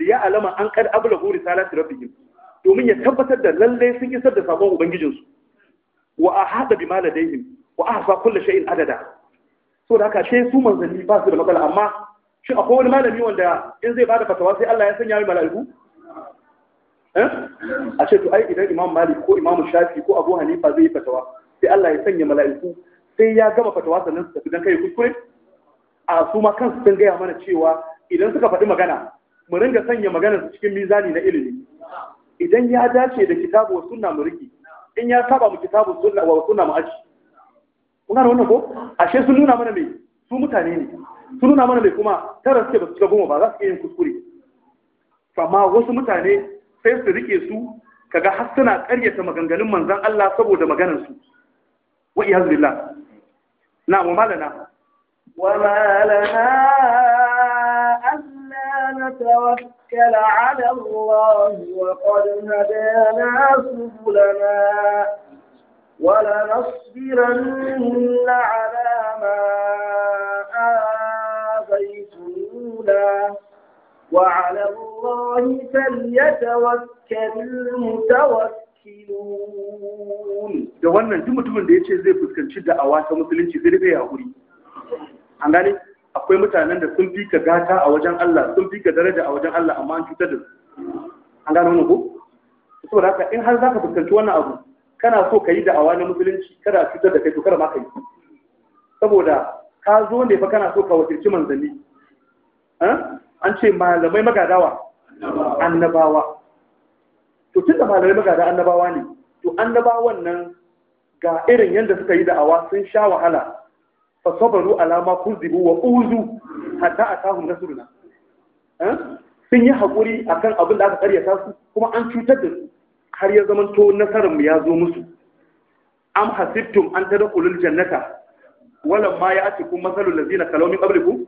li ya'lama an qad ablagu risalati rabbihim domin ya tabbatar da lalle sun isar da sabon ubangijinsu wa ahada bima ladayhim wa ahsa kulli shay'in adada so da haka sai su manzanni ba su da matsala amma shi akwai wani malami wanda in zai bada fatawa sai Allah ya sanya mai mala'iku Eh? a ce to ai idan imam malik ko imam shafi ko abu hanifa zai yi fatawa sai Allah ya sanya mala'iku sai ya gama fatawa sannan su tafi dan kai kuskure a su ma kansu sun gaya mana cewa idan suka faɗi magana mu ringa sanya magana su cikin mizani na ilimi idan ya dace da kitabu wa sunna mu riki in ya saba mu kitabu sunna wa sunna mu aji kun gane wannan ko ashe sun nuna mana me su mutane ne sun nuna mana me kuma tara suke ba su cika goma ba za su iya yin kuskure amma wasu mutane sai su rike su kaga har suna karyata maganganun manzan Allah saboda maganar su wa iyaz billah na mu malana wa malana alla natawakkal ala Allah wa qad hadana subulana ولنصبرن على ما آذيتمونا وعلى الله فليتوكل المتوكلون da wannan duk mutumin da yace zai fuskanci da'awa ta musulunci zai rika hakuri an gane akwai mutanen da sun fi ka gata a wajen Allah sun fi ka daraja a wajen Allah amma an cutar da su an gane wannan ko saboda haka in har zaka fuskanci wannan abu kana so ka yi da'awa na musulunci kada a cutar da kai to kada ma ka yi saboda ka zo ne fa kana so ka wakilci manzanni hm? an ce malamai magadawa annabawa to tun malamai magada annabawa ne to annabawan nan ga irin yadda suka yi da'awa sun sha wahala fa sabaru alama kuzibu wa uzu hatta atahum rasuluna eh? sun yi hakuri akan abin da aka karyata su kuma an cutar da su har ya zama to nasarar mu ya zo musu am hasibtum an tadkhulul jannata Wala ma ya'tikum mathalul ladzina khalaw min qablikum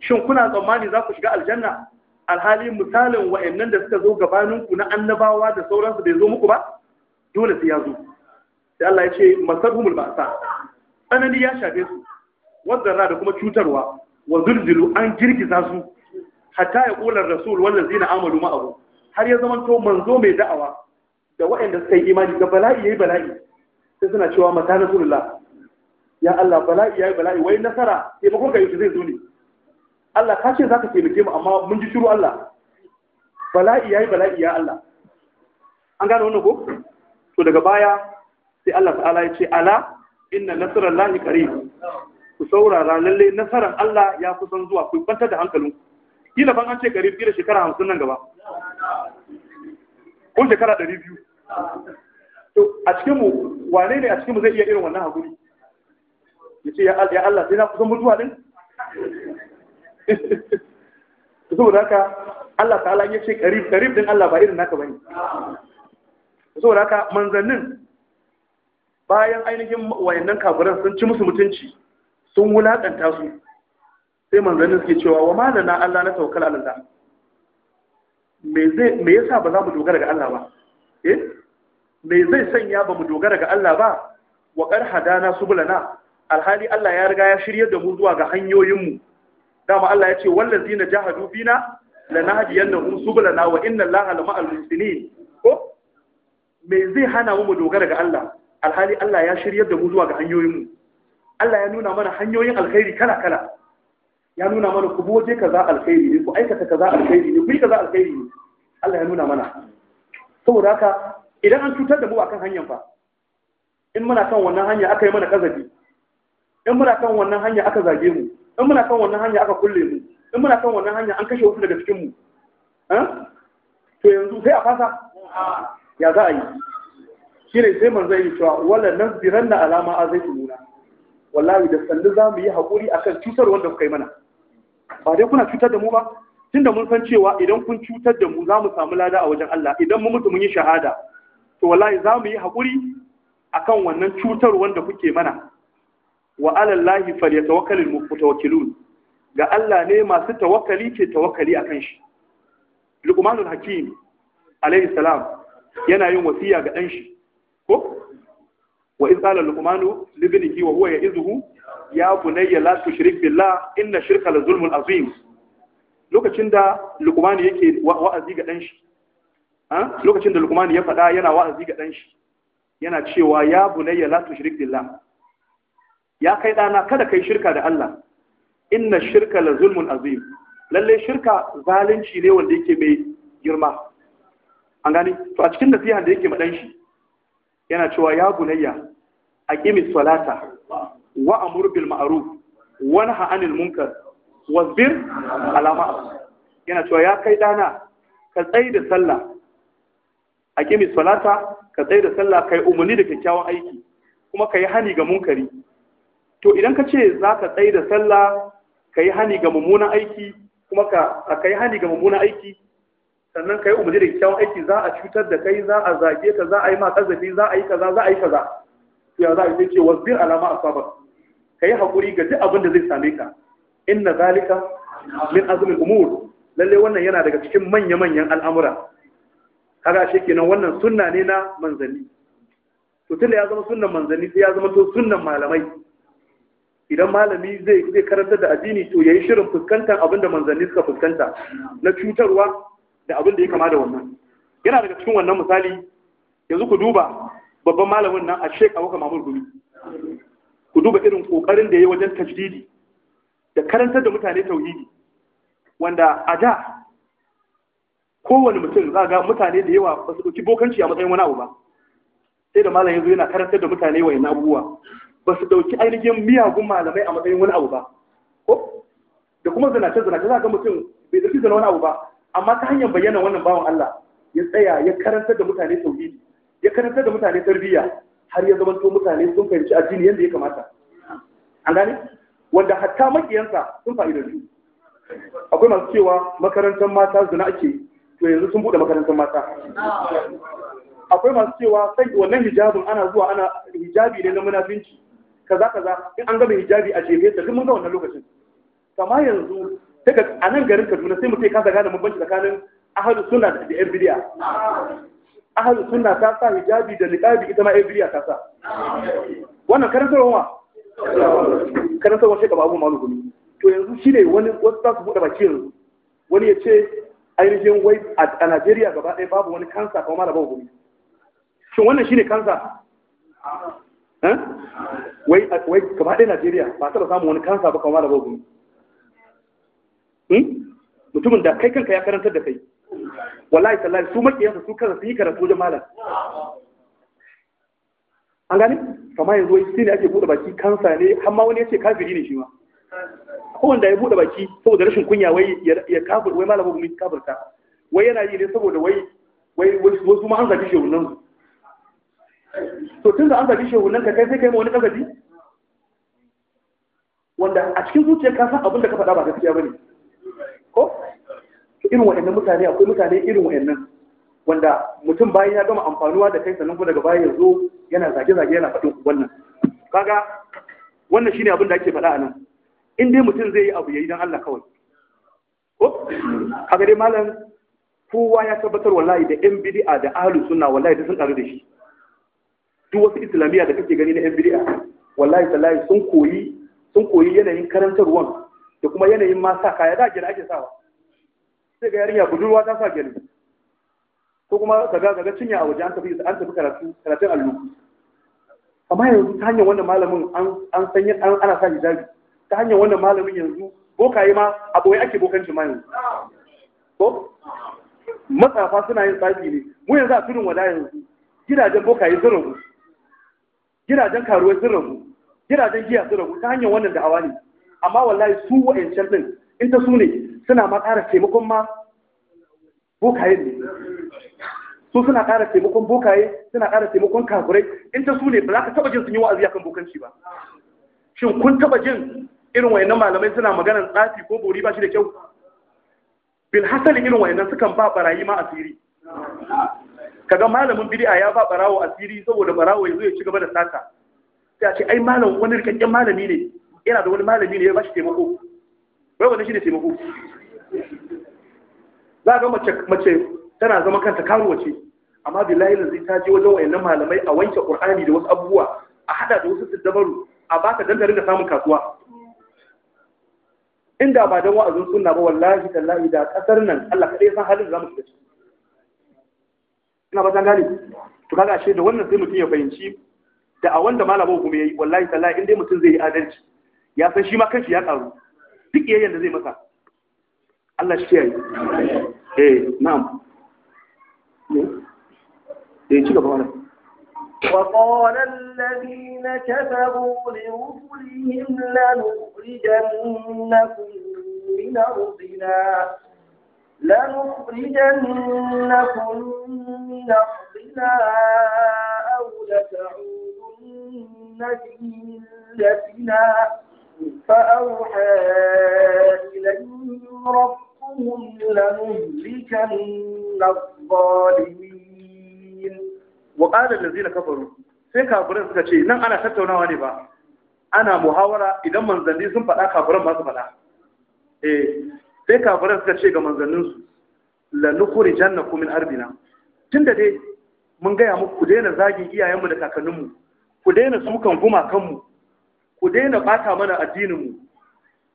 shin kuna tsammani za ku shiga aljanna alhali misalin wa'annan da suka zo gabaninku na annabawa da sauransu bai zo muku ba dole sai ya zo sai Allah ya ce masarhumul ba'sa tsanani ya shafe su wadda da kuma cutarwa wa zulzulu an girgiza su hatta ya kula rasul wannan zina amalu ma abu. har ya to manzo mai da'awa da wa'anda suka yi imani ga bala'i yayi bala'i sai suna cewa mata rasulullah ya Allah bala'i yayi bala'i wai nasara sai ba ko kai zai zo ne Allah ka ce za ka taimake mu amma mun ji shiru Allah bala'i ya yi bala'i ya Allah an gane wannan ko to daga baya sai Allah ta'ala ya ce ala inna nasarar lahi kare, ku saurara lalle nasarar Allah ya kusan zuwa ku kwanta da hankalin kila ban an ce qarib kila shekara 50 nan gaba ko shekara 200 to a cikin mu wane ne a cikin mu zai iya irin wannan hakuri yace ya Allah sai na kusan mutuwa din saboda haka Allah ta'ala ya ce karib karib din Allah ba irin naka bane saboda haka manzannin bayan ainihin wayannan kafiran sun ci musu mutunci sun wulakanta su sai manzannin suke cewa wa malana Allah na tawakkal Allah me zai me yasa ba za mu dogara ga Allah ba eh me zai sanya ba mu dogara ga Allah ba wa qad hadana subulana alhali Allah ya riga ya shirye da mu zuwa ga hanyoyin mu dama Allah ya ce wallazina jahadu fina lanahdiyannahum subulana wa inna Allaha lama'al muhsinin ko me zai hana mu mu dogara ga Allah alhali Allah ya shiryar da mu zuwa ga hanyoyin mu Allah ya nuna mana hanyoyin alkhairi kala kala ya nuna mana ku boje kaza alkhairi ne ku aikata kaza alkhairi ne ku yi kaza alkhairi ne Allah ya nuna mana saboda haka idan an cutar da mu akan hanyar fa in muna kan wannan hanya aka yi mana kazabi in muna kan wannan hanya aka zage mu in muna kan wannan hanya aka kulle mu in muna kan wannan hanya an kashe wasu daga cikin mu eh? to yanzu sai a fasa ya za a yi shi ne sai manzo yi cewa wala nazbiranna alama azaitumuna wallahi da sandu za mu yi hakuri akan cutar wanda kuka yi mana ba dai kuna cutar da mu ba tunda mun san cewa idan kun cutar da mu za mu samu lada a wajen Allah idan mu mutu mun yi shahada to wallahi za mu yi hakuri akan wannan cutar wanda kuke mana wa alallahi falyatawakkalul mutawakkilun ga Allah ne masu tawakkali ke tawakkali akan shi Luqmanul Hakim alaihi salam yana yin wasiya ga dan shi ko wa in qala luqmanu li ibnihi wa huwa ya'izuhu ya bunayya la tushrik billah inna shirka la zulmun azim lokacin da luqman yake wa'azi ga dan shi lokacin da luqman ya faɗa yana wa'azi ga dan shi yana cewa ya bunayya la tushrik billah ya kai ɗana kada kai shirka da Allah inna shirka la zulmun azim lalle shirka zalunci ne wanda yake mai girma an gani to a cikin nasiha da yake madan shi yana cewa ya bunayya aqimi salata wa amur bil ma'ruf wa nahi anil munkar wasbir ala ma yana cewa ya kai dana ka tsayi da sallah aqimi salata ka tsayi da sallah kai umuni da kyakkyawan aiki kuma kai hani ga munkari to idan ka ce za ka tsaye da sallah ka yi hani ga mummunan aiki kuma ka yi hani ga mummunan aiki sannan ka yi umarni da kyawun aiki za a cutar da kai za a zage ka za a yi ma kazafi za a yi kaza za a yi kaza ya za a yi ce wasbir alama a sabar ka yi hakuri ga duk abin da zai same ka inna zalika min azumin umur lalle wannan yana daga cikin manya-manyan al'amura kaga shi kenan wannan sunna ne na manzanni to tunda ya zama sunnan manzanni sai ya zama to sunnan malamai idan malami zai zai karanta da addini to yayi shirin fuskantar abin da manzanni suka fuskanta na cutarwa da abin ya kama da wannan yana daga cikin wannan misali yanzu ku duba babban malamin nan a Sheikh Abubakar Mamud Gumi ku duba irin kokarin da yayi wajen tajdidi da karantar da mutane tauhidi wanda a da kowane mutum za ga mutane da yawa ba su ɗauki bokanci a matsayin wani abu ba sai da malam yanzu yana karantar da mutane wa abubuwa ba su ɗauki ainihin miyagun malamai a matsayin wani abu ba ko da kuma zanace zanace za ga mutum bai ɗauki zana wani abu ba amma ta hanyar bayyana wannan bawan Allah ya tsaya ya karanta da mutane tauhidi ya karanta da mutane tarbiyya har ya to mutane sun fahimci addini yadda ya kamata an gane wanda hatta makiyansa sun su akwai masu cewa makarantar mata zina ake to yanzu sun bude makarantar mata akwai masu cewa sai wannan hijabin ana zuwa ana hijabi ne na munafinci kaza kaza in an ga hijabi a jefe ta duk mun ga wannan lokacin kama yanzu daga a nan garin Kaduna sai mutum ya kasa gane bambanci tsakanin ahlus sunna da yan bid'a ahlus sunna ta sa hijabi da niqabi ita ma yan bid'a ta sa wannan karantarwa ma karantarwa shi gaba abu malu gumi to yanzu shi ne wani wasu za su buɗe baki yanzu wani ya ce ainihin wai a Najeriya gaba ɗaya babu wani kansa kuma mara babu gumi shin wannan shi ne kansa Eh? wai wai gaba ɗaya Najeriya ba taɓa samun wani kansa ba kamar da babu hmm? mutumin da kai kanka ya karantar da kai wallahi tallahi su makiyansa su kansa sun yi karatu wajen malam an gane Kamar yanzu wai shi ne ake buɗe baki kansa ne har ma wani ya ce kafiri ne shi ma wanda ya buɗe baki saboda rashin kunya wai ya kafir wai malama gumi kafirta wai yana yi ne saboda wai wai wasu ma an zaki su. to tun da an zaɓi shehunan ka kai sai kai ma wani kasafi wanda a cikin zuciyar ka san abin da ka faɗa ba gaskiya ba ne ko irin wa'annan mutane akwai mutane irin wa'annan wanda mutum bayan ya gama amfanuwa da kai sannan kuma daga baya ya zo yana zage-zage yana faɗin wannan kaga wannan shine abin da ake faɗa a nan in dai mutum zai yi abu yayi dan Allah kawai ko kaga dai malam kowa ya tabbatar wallahi da yan bid'a da ahlus sunna wallahi da sun karu da shi duk wasu islamiyya da kake gani na yan bid'a wallahi tallahi sun koyi sun koyi yanayin karantarwan da kuma yanayin ma sa kaya da gele ake sawa sai ga yarinya budurwa ta sa gani ko kuma kaga kaga cinya a waje an tafi an tafi karatu karatun allo amma yanzu ta hanyar wannan malamin an an san an ana sa hijabi ta hanyar wannan malamin yanzu bokaye ma a boye ake bokan ma yanzu ko matsafa suna yin tsafi ne mu yanzu a tudun wada yanzu gidajen bokaye sun rubuta gidajen karuwai sun rabu gidajen giya sun rabu ta hanyar wannan da'awa ne amma wallahi su wa'ancan din in ta su ne suna ma ƙara taimakon ma bokaye ne su suna ƙara taimakon bokaye suna ƙara taimakon kakurai in ta su ne ba za ka taɓa jin sun yi wa'azi akan bokanci ba shin kun taɓa jin irin wayannan malamai suna maganar tsafi ko bori ba shi da kyau bil hasali irin wayannan sukan ba barayi ma asiri kaga malamin bid'a ya ba barawo asiri saboda barawo yanzu ya ci gaba da sata sai a ce ai malam wani rikakken malami ne yana da wani malami ne ya bashi taimako wai wannan shine taimako za ga mace mace tana zama kanta karuwa ce amma billahi lan ta je wajen wayannan malamai a wanke qur'ani da wasu abubuwa a hada da wasu dabaru a baka dandarin da samun kasuwa inda ba don wa'azin sunna ba wallahi tallahi da kasar nan Allah kaɗai san halin zamu shiga ina ba gane to kaga ashe da wannan sai mutum ya fahimci da a wanda malamin kuma yayi wallahi sallahi in dai mutum zai yi adalci ya san shi ma kanshi ya karu duk yayin da zai masa Allah shi yayi eh na'am eh ci gaba wannan وقال الذين كفروا لرسلهم لنخرجنكم من أرضنا لنخرجنكم من أرضنا أو لتعودن في ملتنا فأوحى إليهم ربهم لنهلكن الظالمين وقال الذين كفروا sai kafirin suka ce nan ana tattaunawa ne ba ana muhawara idan manzanni sun faɗa kafirin masu faɗa sai kafara suka ce ga manzanninsu la kuri, janna kumin ardina tunda dai mun gaya muku ku daina zagin iyayenmu da kakanninmu ku daina sukan gumakanmu ku daina bata mana addininmu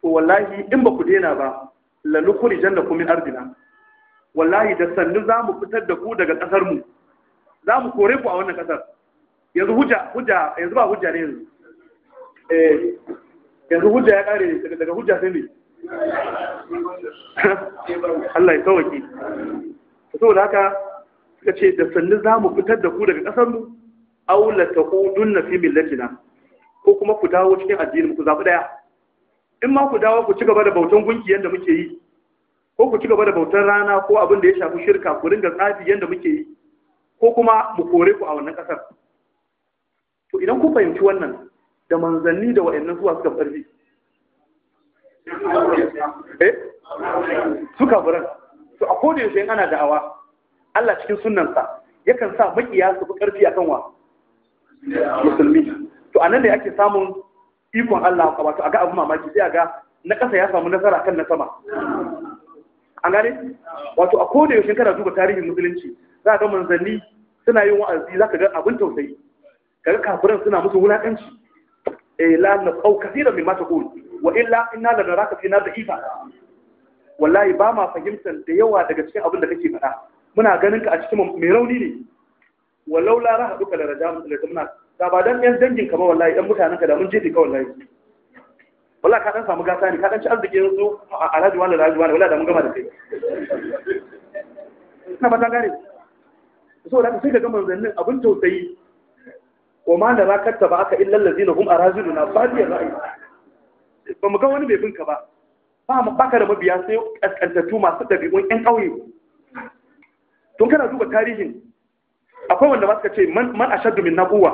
to wallahi in ba ku daina ba la kuri janna kumin ardina wallahi da sannu za mu fitar da ku daga ƙasarmu za mu kore ku a wannan ƙasar yanzu hujja hujja yanzu ba hujja ne yanzu eh yanzu hujja ya kare daga hujja sai ne Allah ya sauwaki saboda haka suka ce da sannu za mu fitar da ku daga kasar mu aula ta na fi millatina ko kuma ku dawo cikin addinin ku zaɓi ɗaya in ma ku dawo ku ci gaba da bautan gunki yadda muke yi ko ku ci gaba da bautan rana ko abin da ya shafi shirka ku ringa tsafi yadda muke yi ko kuma mu kore ku a wannan ƙasar to idan ku fahimci wannan da manzanni da wa'annan suwa suka farfi eh su kafiran to a kodin shi ana da'awa Allah cikin sunansa yakan sa makiya su fi karfi kan wa musulmi to a nan ne ake samun ikon Allah wato a ga abu mamaki sai a ga na ƙasa ya samu nasara kan na sama an gane wato a kodin shi kana duba tarihin musulunci za ka ga manzanni suna yin wa'azi za ka ga abin tausayi Ka ga kafiran suna musu wulaƙanci eh la na qau kathira mimma taqul wa illa inna la naraka fi nar da'ifa wallahi ba ma fahimtar da yawa daga cikin abin da kake faɗa muna ganin ka a cikin mai rauni ne walau la raha duka da rajam da muna da ba dan yan dangin ka ba wallahi dan mutanen ka da mun jefe ka wallahi wallahi ka dan samu gasa ne ka dan ci arziki yanzu alhaji wani alhaji wani wallahi da mun gama da kai ina ba ta gane so da sai ka gama manzannin abin tausayi wa ma da rakar ta ba aka illa lazina hum araziluna fadiyar ra'ayi ba mu ga wani mai binka ba ba mu baka da mabiya sai kaskantattu masu dabi'un yan ƙauye tun kana duba tarihin akwai wanda ba suka ce man ashaddu min naquwa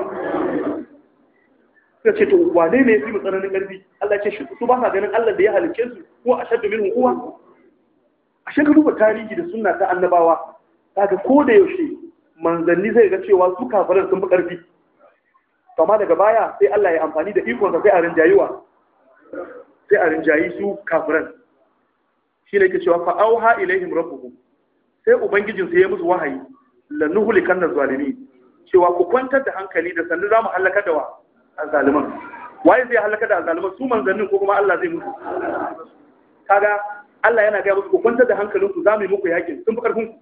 suka ce to wane ne yafi tsananin ƙarfi Allah ya ce shi su ba sa ganin Allah da ya halicce su ko ashaddu min quwa ashe ka duba tarihi da sunna ta annabawa kaga ko da yaushe manzanni zai ga cewa su kafiran sun fi ƙarfi amma daga baya sai Allah ya amfani da ikonsa sai a rinjayiwa sai a rinjayi su kafiran shi ne yake cewa fa auha ilaihim rabbuhum sai ubangijin sai ya musu wahayi lanuhulikan zalimi cewa ku kwantar da hankali da sannu zamu halaka da wa azaliman waye zai halaka da azaliman su manzannin ko kuma Allah zai musu kaga Allah yana ga musu ku kwantar da hankalinku zamu yi muku yakin sun fi karfin ku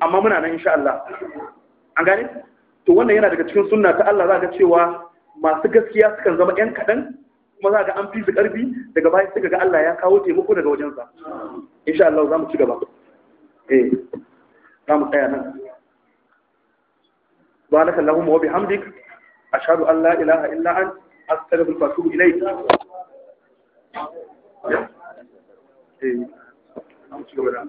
amma muna nan insha Allah an gane to wannan yana daga cikin sunna ta Allah za ga cewa masu gaskiya sukan zama ƴan kaɗan kuma za ga an fi su ƙarfi daga baya suka ga Allah ya kawo taimako daga wajensa insha Allah za mu ci gaba eh za mu tsaya nan subhanaka allahumma wa bihamdik ashhadu an la ilaha illa ant astaghfiruka wa atubu ilayk eh za mu ci gaba da